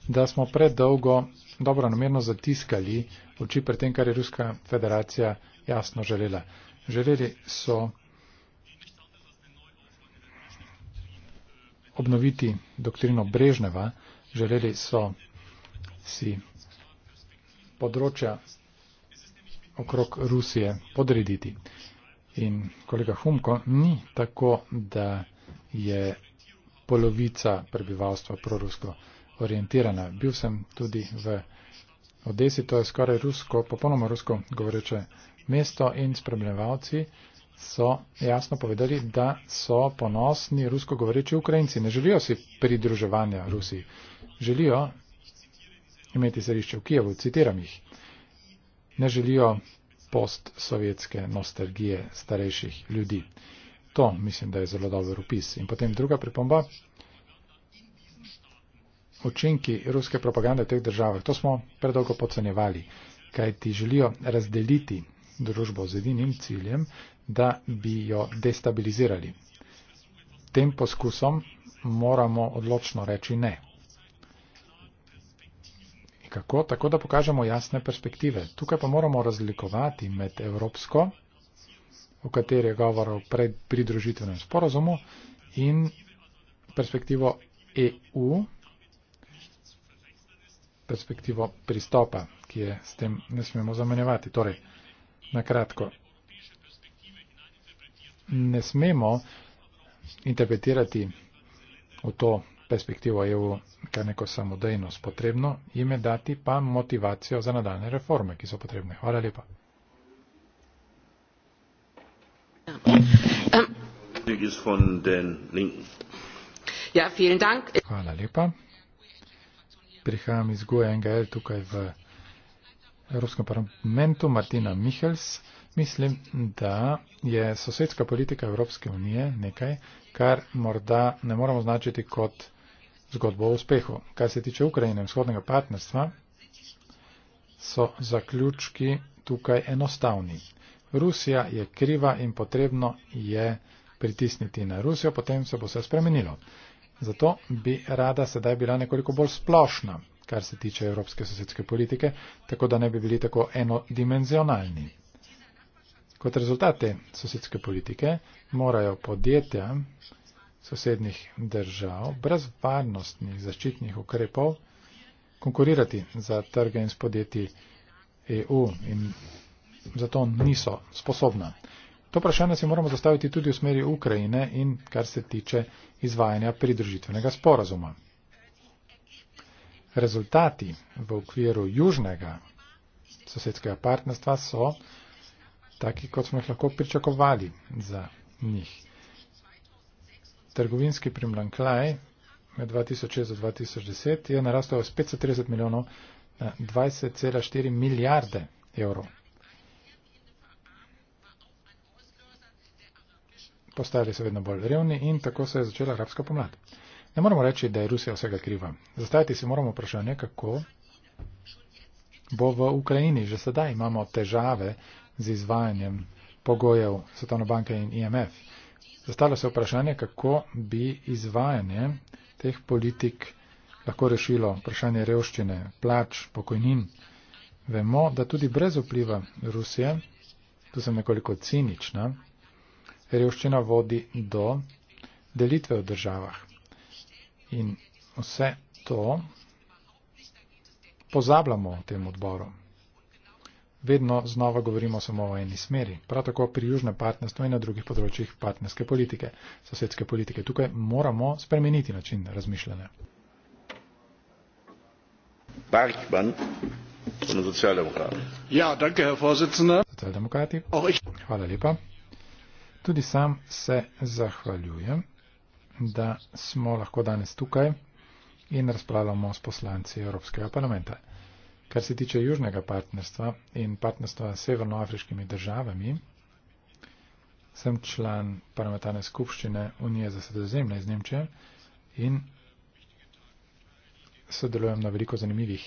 da smo predolgo dobro namerno zatiskali oči pred tem, kar je Ruska federacija jasno želela. Želeli so obnoviti doktrino Brežneva, želeli so si področja okrog Rusije podrediti. In kolega Humko, ni tako, da je polovica prebivalstva prorusko orientirana. Bil sem tudi v Odesi, to je skoraj rusko, popolnoma rusko govoreče mesto in spremljevalci so jasno povedali, da so ponosni rusko govoreči Ukrajinci. Ne želijo si pridruževanja Rusiji. Želijo imeti središče v Kijevu, citiram jih ne želijo postsovjetske nostalgije starejših ljudi. To mislim, da je zelo dober upis. In potem druga pripomba. Učinki ruske propagande v teh državah. To smo predolgo pocenjevali, kaj ti želijo razdeliti družbo z edinim ciljem, da bi jo destabilizirali. Tem poskusom moramo odločno reči ne. Kako? Tako, da pokažemo jasne perspektive. Tukaj pa moramo razlikovati med Evropsko, o kateri je govoril pred pridružitvenem sporozumu, in perspektivo EU, perspektivo pristopa, ki je s tem ne smemo zamenjevati. Torej, nakratko, ne smemo interpretirati v to perspektivo EU, kar neko samodejnost potrebno, jim je dati pa motivacijo za nadaljne reforme, ki so potrebne. Hvala lepa. Ja, Hvala lepa. Prihajam iz GUE NGL tukaj v Evropskem parlamentu Martina Michels. Mislim, da je sosedska politika Evropske unije nekaj, kar morda ne moramo značiti kot zgodbo o uspehu. Kar se tiče Ukrajine in vzhodnega partnerstva, so zaključki tukaj enostavni. Rusija je kriva in potrebno je pritisniti na Rusijo, potem se bo vse spremenilo. Zato bi rada sedaj bila nekoliko bolj splošna, kar se tiče evropske sosedske politike, tako da ne bi bili tako enodimenzionalni. Kot rezultate sosedske politike morajo podjetja sosednih držav brez varnostnih zaščitnih ukrepov konkurirati za trge in s podjetji EU in zato niso sposobna. To vprašanje si moramo zastaviti tudi v smeri Ukrajine in kar se tiče izvajanja pridružitvenega sporazuma. Rezultati v okviru južnega sosedskega partnerstva so taki, kot smo jih lahko pričakovali za njih trgovinski primlankljaj med 2006 in 2010 je narastel z 530 milijonov na 20,4 milijarde evrov. Postali so vedno bolj revni in tako se je začela arabska pomlad. Ne moramo reči, da je Rusija vsega kriva. Zastaviti si moramo vprašanje, kako bo v Ukrajini. Že sedaj imamo težave z izvajanjem pogojev Svetovne banke in IMF. Zastalo se vprašanje, kako bi izvajanje teh politik lahko rešilo vprašanje revščine, plač, pokojnin. Vemo, da tudi brez vpliva Rusije, tu sem nekoliko cinična, revščina vodi do delitve v državah. In vse to pozabljamo v tem odboru vedno znova govorimo samo o eni smeri. Prav tako pri južnem partnerstvu in na drugih področjih partnerske politike, sosedske politike. Tukaj moramo spremeniti način razmišljanja. Barkman. Socialdemokrati. Ja, Hvala lepa. Tudi sam se zahvaljujem, da smo lahko danes tukaj in razpravljamo s poslanci Evropskega parlamenta. Kar se tiče južnega partnerstva in partnerstva s severnoafriškimi državami, sem član parlamentarne skupščine Unije za sredozemlje iz Nemčije in sodelujem na veliko zanimivih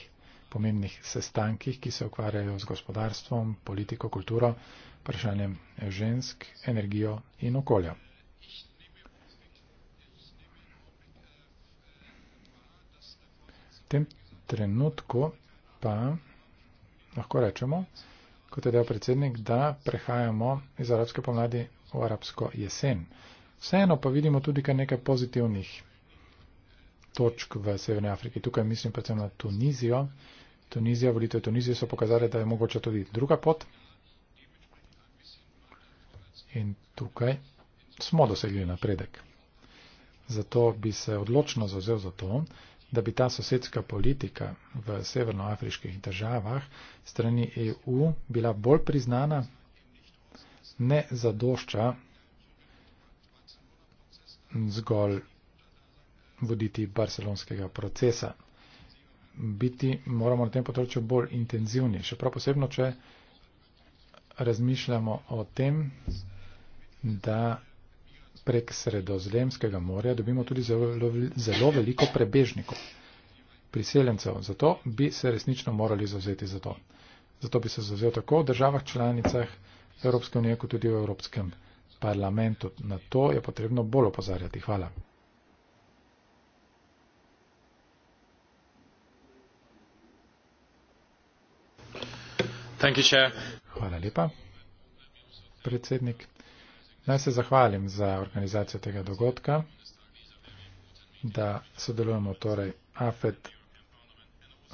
pomembnih sestankih, ki se ukvarjajo z gospodarstvom, politiko, kulturo, vprašanjem žensk, energijo in okolja. V tem trenutku pa lahko rečemo, kot je del predsednik, da prehajamo iz arabske pomladi v arabsko jesen. Vseeno pa vidimo tudi kar nekaj pozitivnih točk v Severni Afriki. Tukaj mislim predvsem na Tunizijo. Tunizija, volitev Tunizije so pokazali, da je mogoče tudi druga pot. In tukaj smo dosegli napredek. Zato bi se odločno zauzel za to da bi ta sosedska politika v severnoafriških državah strani EU bila bolj priznana, ne zadošča zgolj voditi barcelonskega procesa. Biti moramo na tem področju bolj intenzivni, še prav posebno, če razmišljamo o tem, da prek Sredozemskega morja dobimo tudi zelo, zelo veliko prebežnikov, priseljencev. Zato bi se resnično morali zauzeti za to. Zato bi se zauzel tako v državah članicah Evropske unije, kot tudi v Evropskem parlamentu. Na to je potrebno bolj opozarjati. Hvala. Hvala lepa, predsednik. Naj se zahvalim za organizacijo tega dogodka, da sodelujemo torej AFED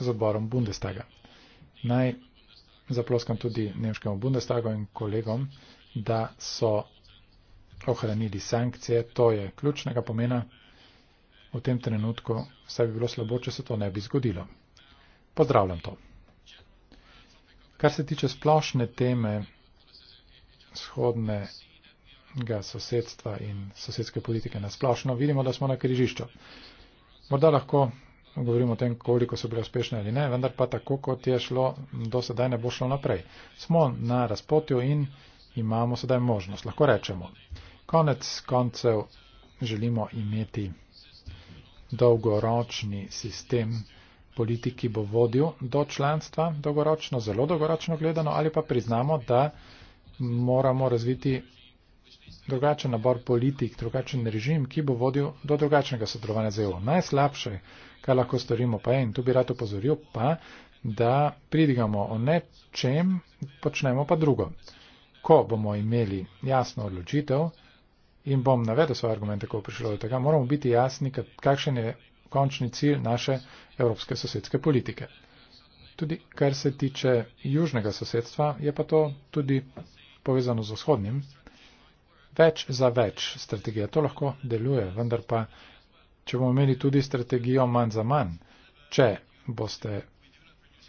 z odborom Bundestaga. Naj zaploskam tudi nemškemu Bundestagu in kolegom, da so ohranili sankcije. To je ključnega pomena v tem trenutku. Vse bi bilo slabo, če se to ne bi zgodilo. Pozdravljam to. Kar se tiče splošne teme, shodne ga sosedstva in sosedske politike nasplošno, vidimo, da smo na križišču. Morda lahko govorimo o tem, koliko so bile uspešne ali ne, vendar pa tako, kot je šlo, do sedaj ne bo šlo naprej. Smo na razpotju in imamo sedaj možnost, lahko rečemo. Konec koncev želimo imeti dolgoročni sistem politiki bo vodil do članstva dolgoročno, zelo dolgoročno gledano, ali pa priznamo, da moramo razviti drugačen nabor politik, drugačen režim, ki bo vodil do drugačnega sodelovanja z EU. Najslabše, kar lahko storimo, pa je, in tu bi rad upozoril, pa, da pridigamo o nečem, počnemo pa drugo. Ko bomo imeli jasno odločitev in bom navedel svoje argumente, ko prišlo do tega, moramo biti jasni, kakšen je končni cilj naše evropske sosedske politike. Tudi kar se tiče južnega sosedstva, je pa to tudi povezano z vzhodnim, več za več strategija. To lahko deluje, vendar pa, če bomo imeli tudi strategijo manj za manj, če boste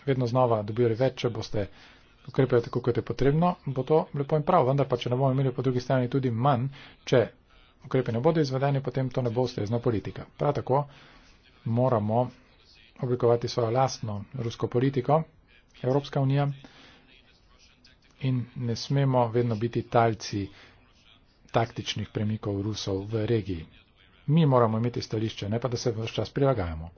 vedno znova dobili več, če boste ukrepili tako, kot je potrebno, bo to lepo in prav. Vendar pa, če ne bomo imeli po drugi strani tudi manj, če ukrepi ne bodo izvedeni, potem to ne bo ustrezna politika. Prav tako moramo oblikovati svojo lastno rusko politiko, Evropska unija, in ne smemo vedno biti talci taktičnih premikov Rusov v regiji. Mi moramo imeti stališče, ne pa da se vse čas prilagajamo.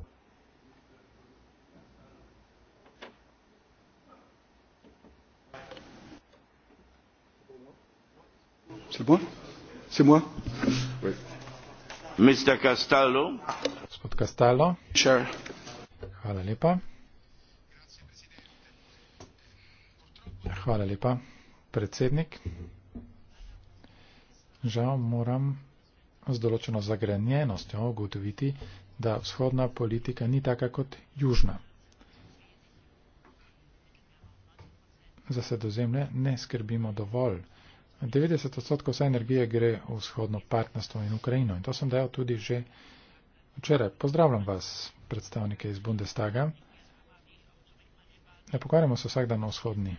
Gospod Castello. Hvala lepa. Hvala lepa, predsednik. Žal moram z določeno zagrenjenostjo ugotoviti, da vzhodna politika ni taka kot južna. Za sredozemlje ne skrbimo dovolj. 90 odstotkov vse energije gre v vzhodno partnerstvo in Ukrajino. In to sem dejal tudi že včeraj. Pozdravljam vas, predstavnike iz Bundestaga. Ne pogovarjamo se vsak dan o vzhodni.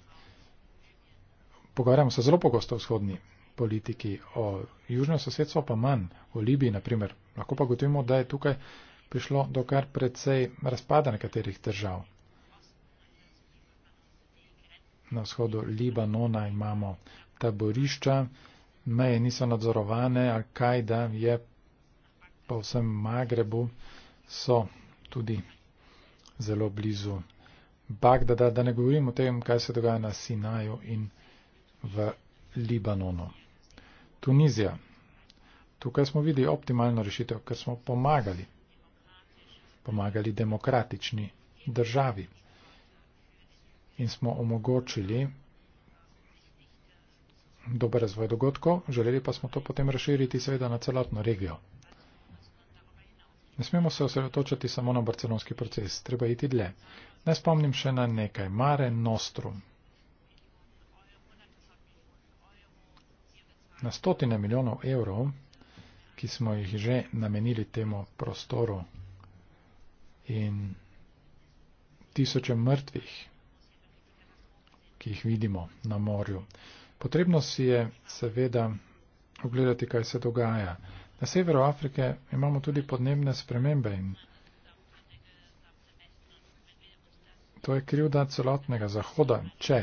Pogovarjamo se zelo pogosto o vzhodni politiki, o južnem sosedstvu pa manj, o Libiji naprimer. Lahko pa gotovimo, da je tukaj prišlo do kar precej razpada nekaterih držav. Na vzhodu Libanona imamo taborišča, meje niso nadzorovane, a kaj da je pa vsem Magrebu, so tudi zelo blizu Bagdada, da ne govorim o tem, kaj se dogaja na Sinaju in v Libanonu. Tunizija. Tukaj smo videli optimalno rešitev, ker smo pomagali. Pomagali demokratični državi. In smo omogočili dober razvoj dogodkov, želeli pa smo to potem razširiti seveda na celotno regijo. Ne smemo se osredotočiti samo na barcelonski proces, treba iti dlje. Naj spomnim še na nekaj. Mare Nostrum. na stotine milijonov evrov, ki smo jih že namenili temu prostoru in tisoče mrtvih, ki jih vidimo na morju. Potrebno si je seveda ogledati, kaj se dogaja. Na severu Afrike imamo tudi podnebne spremembe in to je krivda celotnega Zahoda, če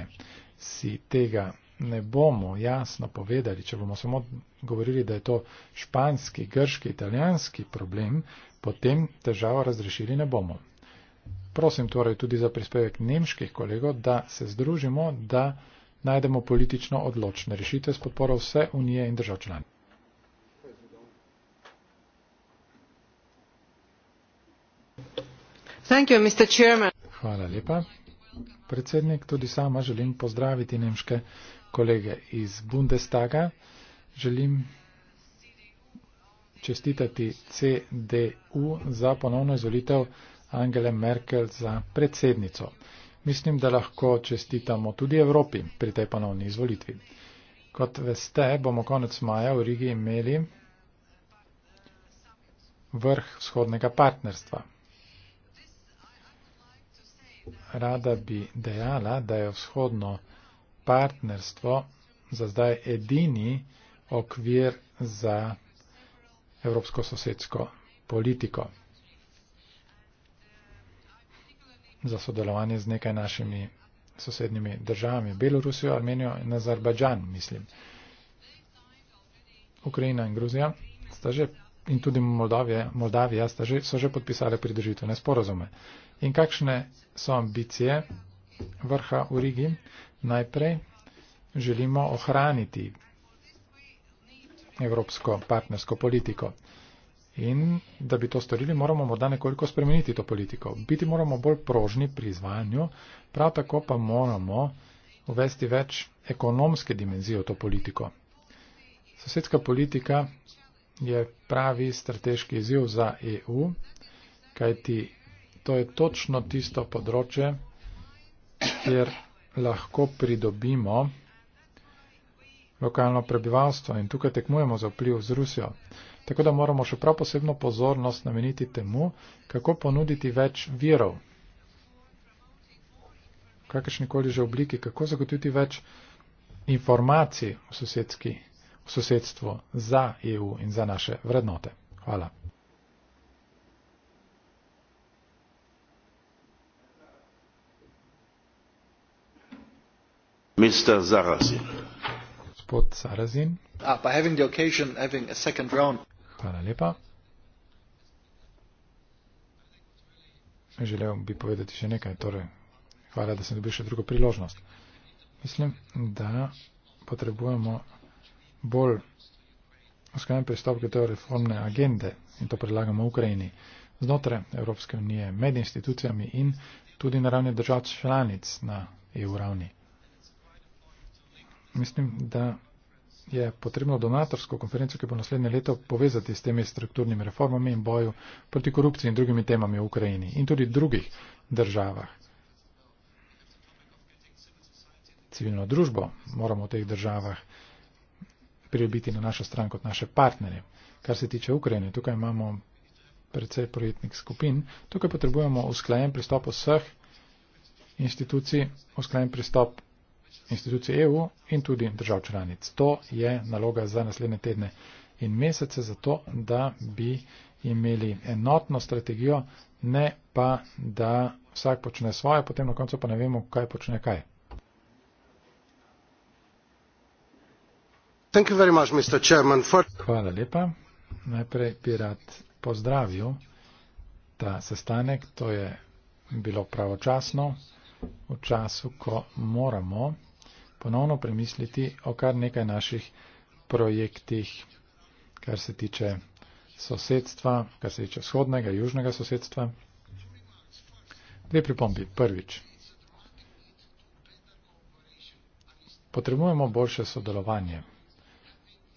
si tega ne bomo jasno povedali, če bomo samo govorili, da je to španski, grški, italijanski problem, potem težavo razrešili ne bomo. Prosim torej tudi za prispevek nemških kolegov, da se združimo, da najdemo politično odločne rešitve s podporo vse unije in držav članic. Hvala lepa. Predsednik, tudi sama želim pozdraviti nemške kolege iz Bundestaga. Želim čestitati CDU za ponovno izvolitev Angele Merkel za predsednico. Mislim, da lahko čestitamo tudi Evropi pri tej ponovni izvolitvi. Kot veste, bomo konec maja v Rigi imeli vrh vzhodnega partnerstva. Rada bi dejala, da je vzhodno partnerstvo partnerstvo za zdaj edini okvir za evropsko-sosedsko politiko. Za sodelovanje z nekaj našimi sosednjimi državami, Belorusijo, Armenijo in Azerbajdžan, mislim. Ukrajina in Gruzija sta že in tudi Moldavija, Moldavija sta že, so že podpisali pridržitvene sporozume. In kakšne so ambicije vrha v Rigi? najprej želimo ohraniti evropsko partnersko politiko. In da bi to storili, moramo morda nekoliko spremeniti to politiko. Biti moramo bolj prožni pri izvajanju, prav tako pa moramo uvesti več ekonomske dimenzije v to politiko. Sosedska politika je pravi strateški izziv za EU, kajti to je točno tisto področje, kjer lahko pridobimo lokalno prebivalstvo in tukaj tekmujemo za vpliv z Rusijo. Tako da moramo še prav posebno pozornost nameniti temu, kako ponuditi več virov, kakršnikoli že obliki, kako zagotoviti več informacij v, v sosedstvu za EU in za naše vrednote. Hvala. mr sarrazin. Gospod sarrazin. Ah, by having the occasion, having a second round. Hvala lepa. Želel bi povedati še nekaj, torej hvala, da sem dobil še drugo priložnost. Mislim, da potrebujemo bolj oskajen pristop k te reformne agende in to predlagamo Ukrajini znotraj Evropske unije med institucijami in tudi na ravni držav članic na EU ravni mislim, da je potrebno donatorsko konferenco, ki bo naslednje leto, povezati s temi strukturnimi reformami in boju proti korupciji in drugimi temami v Ukrajini in tudi drugih državah. Civilno družbo moramo v teh državah priobiti na našo stran kot naše partnerje. Kar se tiče Ukrajine, tukaj imamo predvsej projektnih skupin. Tukaj potrebujemo usklajen pristop vseh institucij, usklajen pristop institucij EU in tudi držav članic. To je naloga za naslednje tedne in mesece, zato da bi imeli enotno strategijo, ne pa da vsak počne svoje, potem na koncu pa ne vemo, kaj počne kaj. Much, Chairman, for... Hvala lepa. Najprej bi rad pozdravil ta sestanek. To je bilo pravočasno v času, ko moramo ponovno premisliti o kar nekaj naših projektih, kar se tiče sosedstva, kar se tiče vzhodnega, južnega sosedstva. Dve pripombi. Prvič. Potrebujemo boljše sodelovanje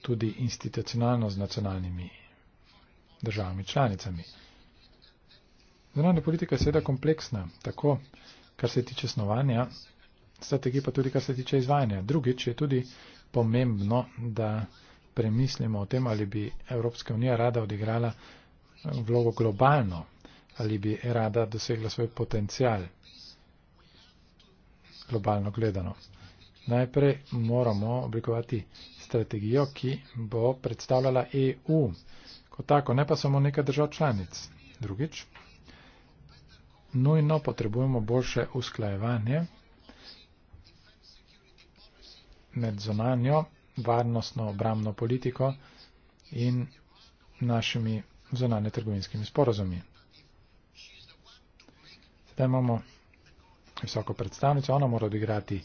tudi institucionalno z nacionalnimi državami članicami. Zunanja politika je seveda kompleksna, tako kar se tiče snovanja strategij, pa tudi kar se tiče izvajanja. Drugič je tudi pomembno, da premislimo o tem, ali bi Evropska unija rada odigrala vlogo globalno, ali bi rada dosegla svoj potencial globalno gledano. Najprej moramo oblikovati strategijo, ki bo predstavljala EU kot tako, ne pa samo nekaj držav članic. Drugič, nujno potrebujemo boljše usklajevanje med zunanjo varnostno obramno politiko in našimi zunanje trgovinskimi sporozumi. Sedaj imamo visoko predstavnico, ona mora odigrati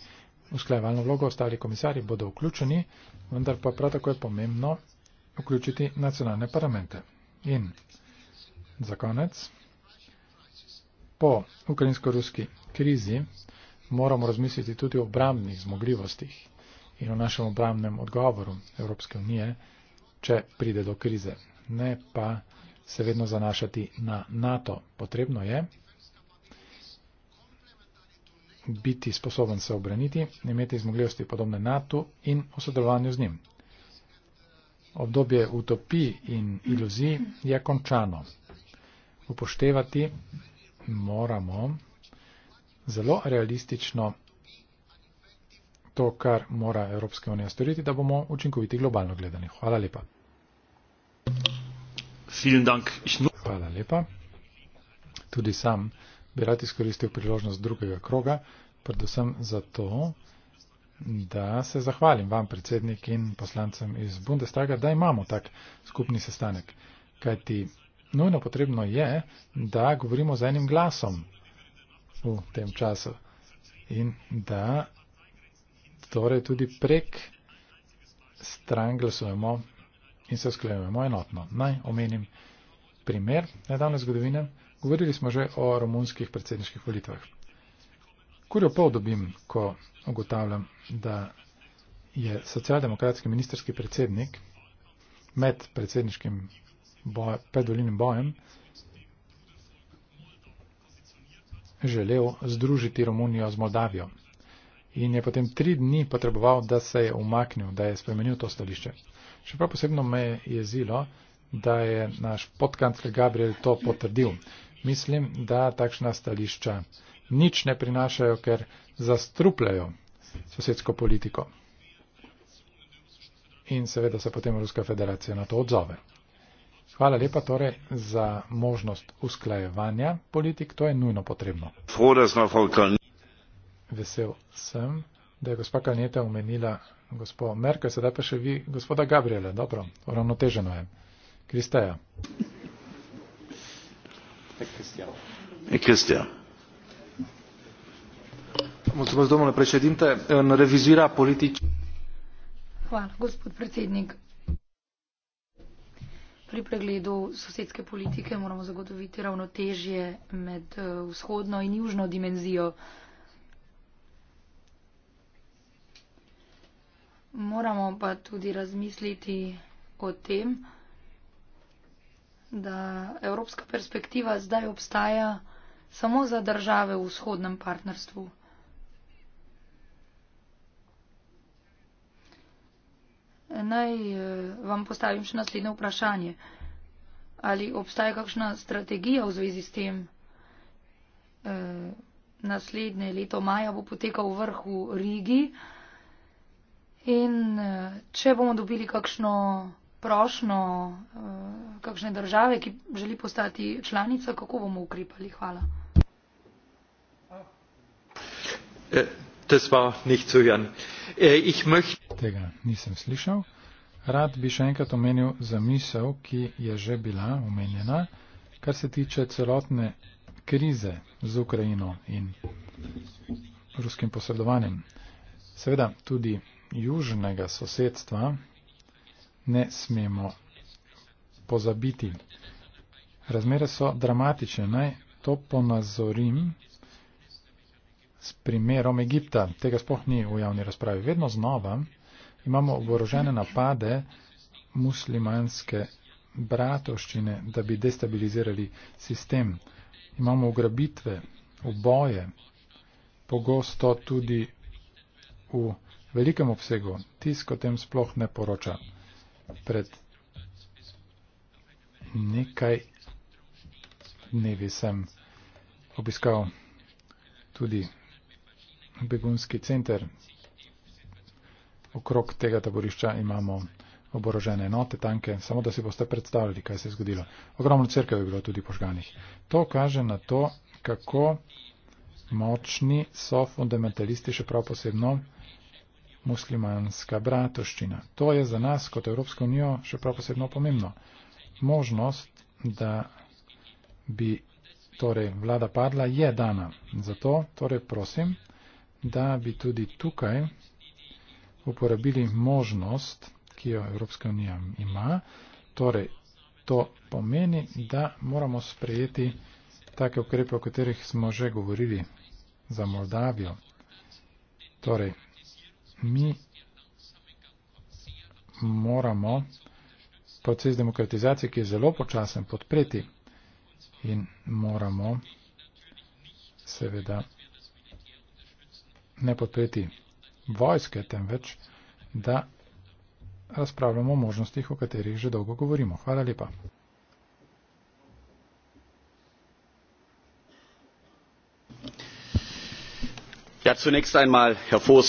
usklajevalno vlogo, ostali komisari bodo vključeni, vendar pa prav tako je pomembno vključiti nacionalne parlamente. In za konec, po ukrajinsko-ruski krizi moramo razmisliti tudi o obramnih zmogljivostih in o našem obramnem odgovoru Evropske unije, če pride do krize. Ne pa se vedno zanašati na NATO. Potrebno je biti sposoben se obraniti, imeti zmogljivosti podobne NATO in v sodelovanju z njim. Obdobje utopij in iluzij je končano. Upoštevati moramo zelo realistično to, kar mora Evropska unija storiti, da bomo učinkoviti globalno gledani. Hvala lepa. Hvala lepa. Tudi sam bi rad izkoristil priložnost drugega kroga, predvsem zato, da se zahvalim vam, predsednik in poslancem iz Bundestaga, da imamo tak skupni sestanek. Kajti nujno potrebno je, da govorimo z enim glasom v tem času in da torej tudi prek stran glasujemo in se sklejujemo enotno. Naj omenim primer nedavne zgodovine. Govorili smo že o romunskih predsedniških volitvah. Kurjo pol dobim, ko ugotavljam, da je socialdemokratski ministerski predsednik med predsedniškim boje, predvolinim bojem želel združiti Romunijo z Moldavijo in je potem tri dni potreboval, da se je umaknil, da je spremenil to stališče. Še prav posebno me je jezilo, da je naš podkancler Gabriel to potrdil. Mislim, da takšna stališča nič ne prinašajo, ker zastrupljajo sosedsko politiko. In seveda se potem Ruska federacija na to odzove. Hvala lepa torej za možnost usklajevanja politik, to je nujno potrebno. Froh, vesel sem, da je gospa Kalneta omenila gospod Merkel, sedaj pa še vi, gospoda Gabriela. Dobro, uravnoteženo je. Kristeja. E, Kristeja. E, moramo se zdomo naprej še dinte, revizira politič. Hvala, gospod predsednik. Pri pregledu sosedske politike moramo zagotoviti ravnotežje med eh, vzhodno in južno dimenzijo Moramo pa tudi razmisliti o tem, da evropska perspektiva zdaj obstaja samo za države v vzhodnem partnerstvu. Naj eh, vam postavim še naslednje vprašanje. Ali obstaja kakšna strategija v zvezi s tem? E, naslednje leto maja bo potekal vrh v Rigi. In eh, če bomo dobili kakšno prošno, eh, kakšne države, ki želi postati članica, kako bomo ukrepali? Hvala. Eh, Tega nisem slišal. Rad bi še enkrat omenil zamisel, ki je že bila omenjena, kar se tiče celotne krize z Ukrajino in ruskim posredovanjem. Seveda tudi južnega sosedstva ne smemo pozabiti. Razmere so dramatične. Naj to ponazorim s primerom Egipta. Tega sploh ni v javni razpravi. Vedno znova imamo oborožene napade muslimanske bratoščine, da bi destabilizirali sistem. Imamo ugrabitve, uboje, pogosto tudi v velikem obsegu. Tisk o tem sploh ne poroča. Pred nekaj dnevi sem obiskal tudi begunski center. Okrog tega taborišča imamo oborožene enote, tanke, samo da si boste predstavljali, kaj se je zgodilo. Ogromno crkve je bilo tudi požganih. To kaže na to, kako močni so fundamentalisti, še prav posebno muslimanska bratoščina. To je za nas kot Evropsko unijo še prav posebno pomembno. Možnost, da bi torej, vlada padla, je dana. Zato torej, prosim, da bi tudi tukaj uporabili možnost, ki jo Evropska unija ima. Torej, to pomeni, da moramo sprejeti take ukrepe, o katerih smo že govorili za Moldavijo. Torej, mi moramo proces demokratizacije, ki je zelo počasen, podpreti in moramo seveda ne podpreti vojske, temveč, da razpravljamo o možnostih, o katerih že dolgo govorimo. Hvala lepa. Ja, zunächst einmal, Herr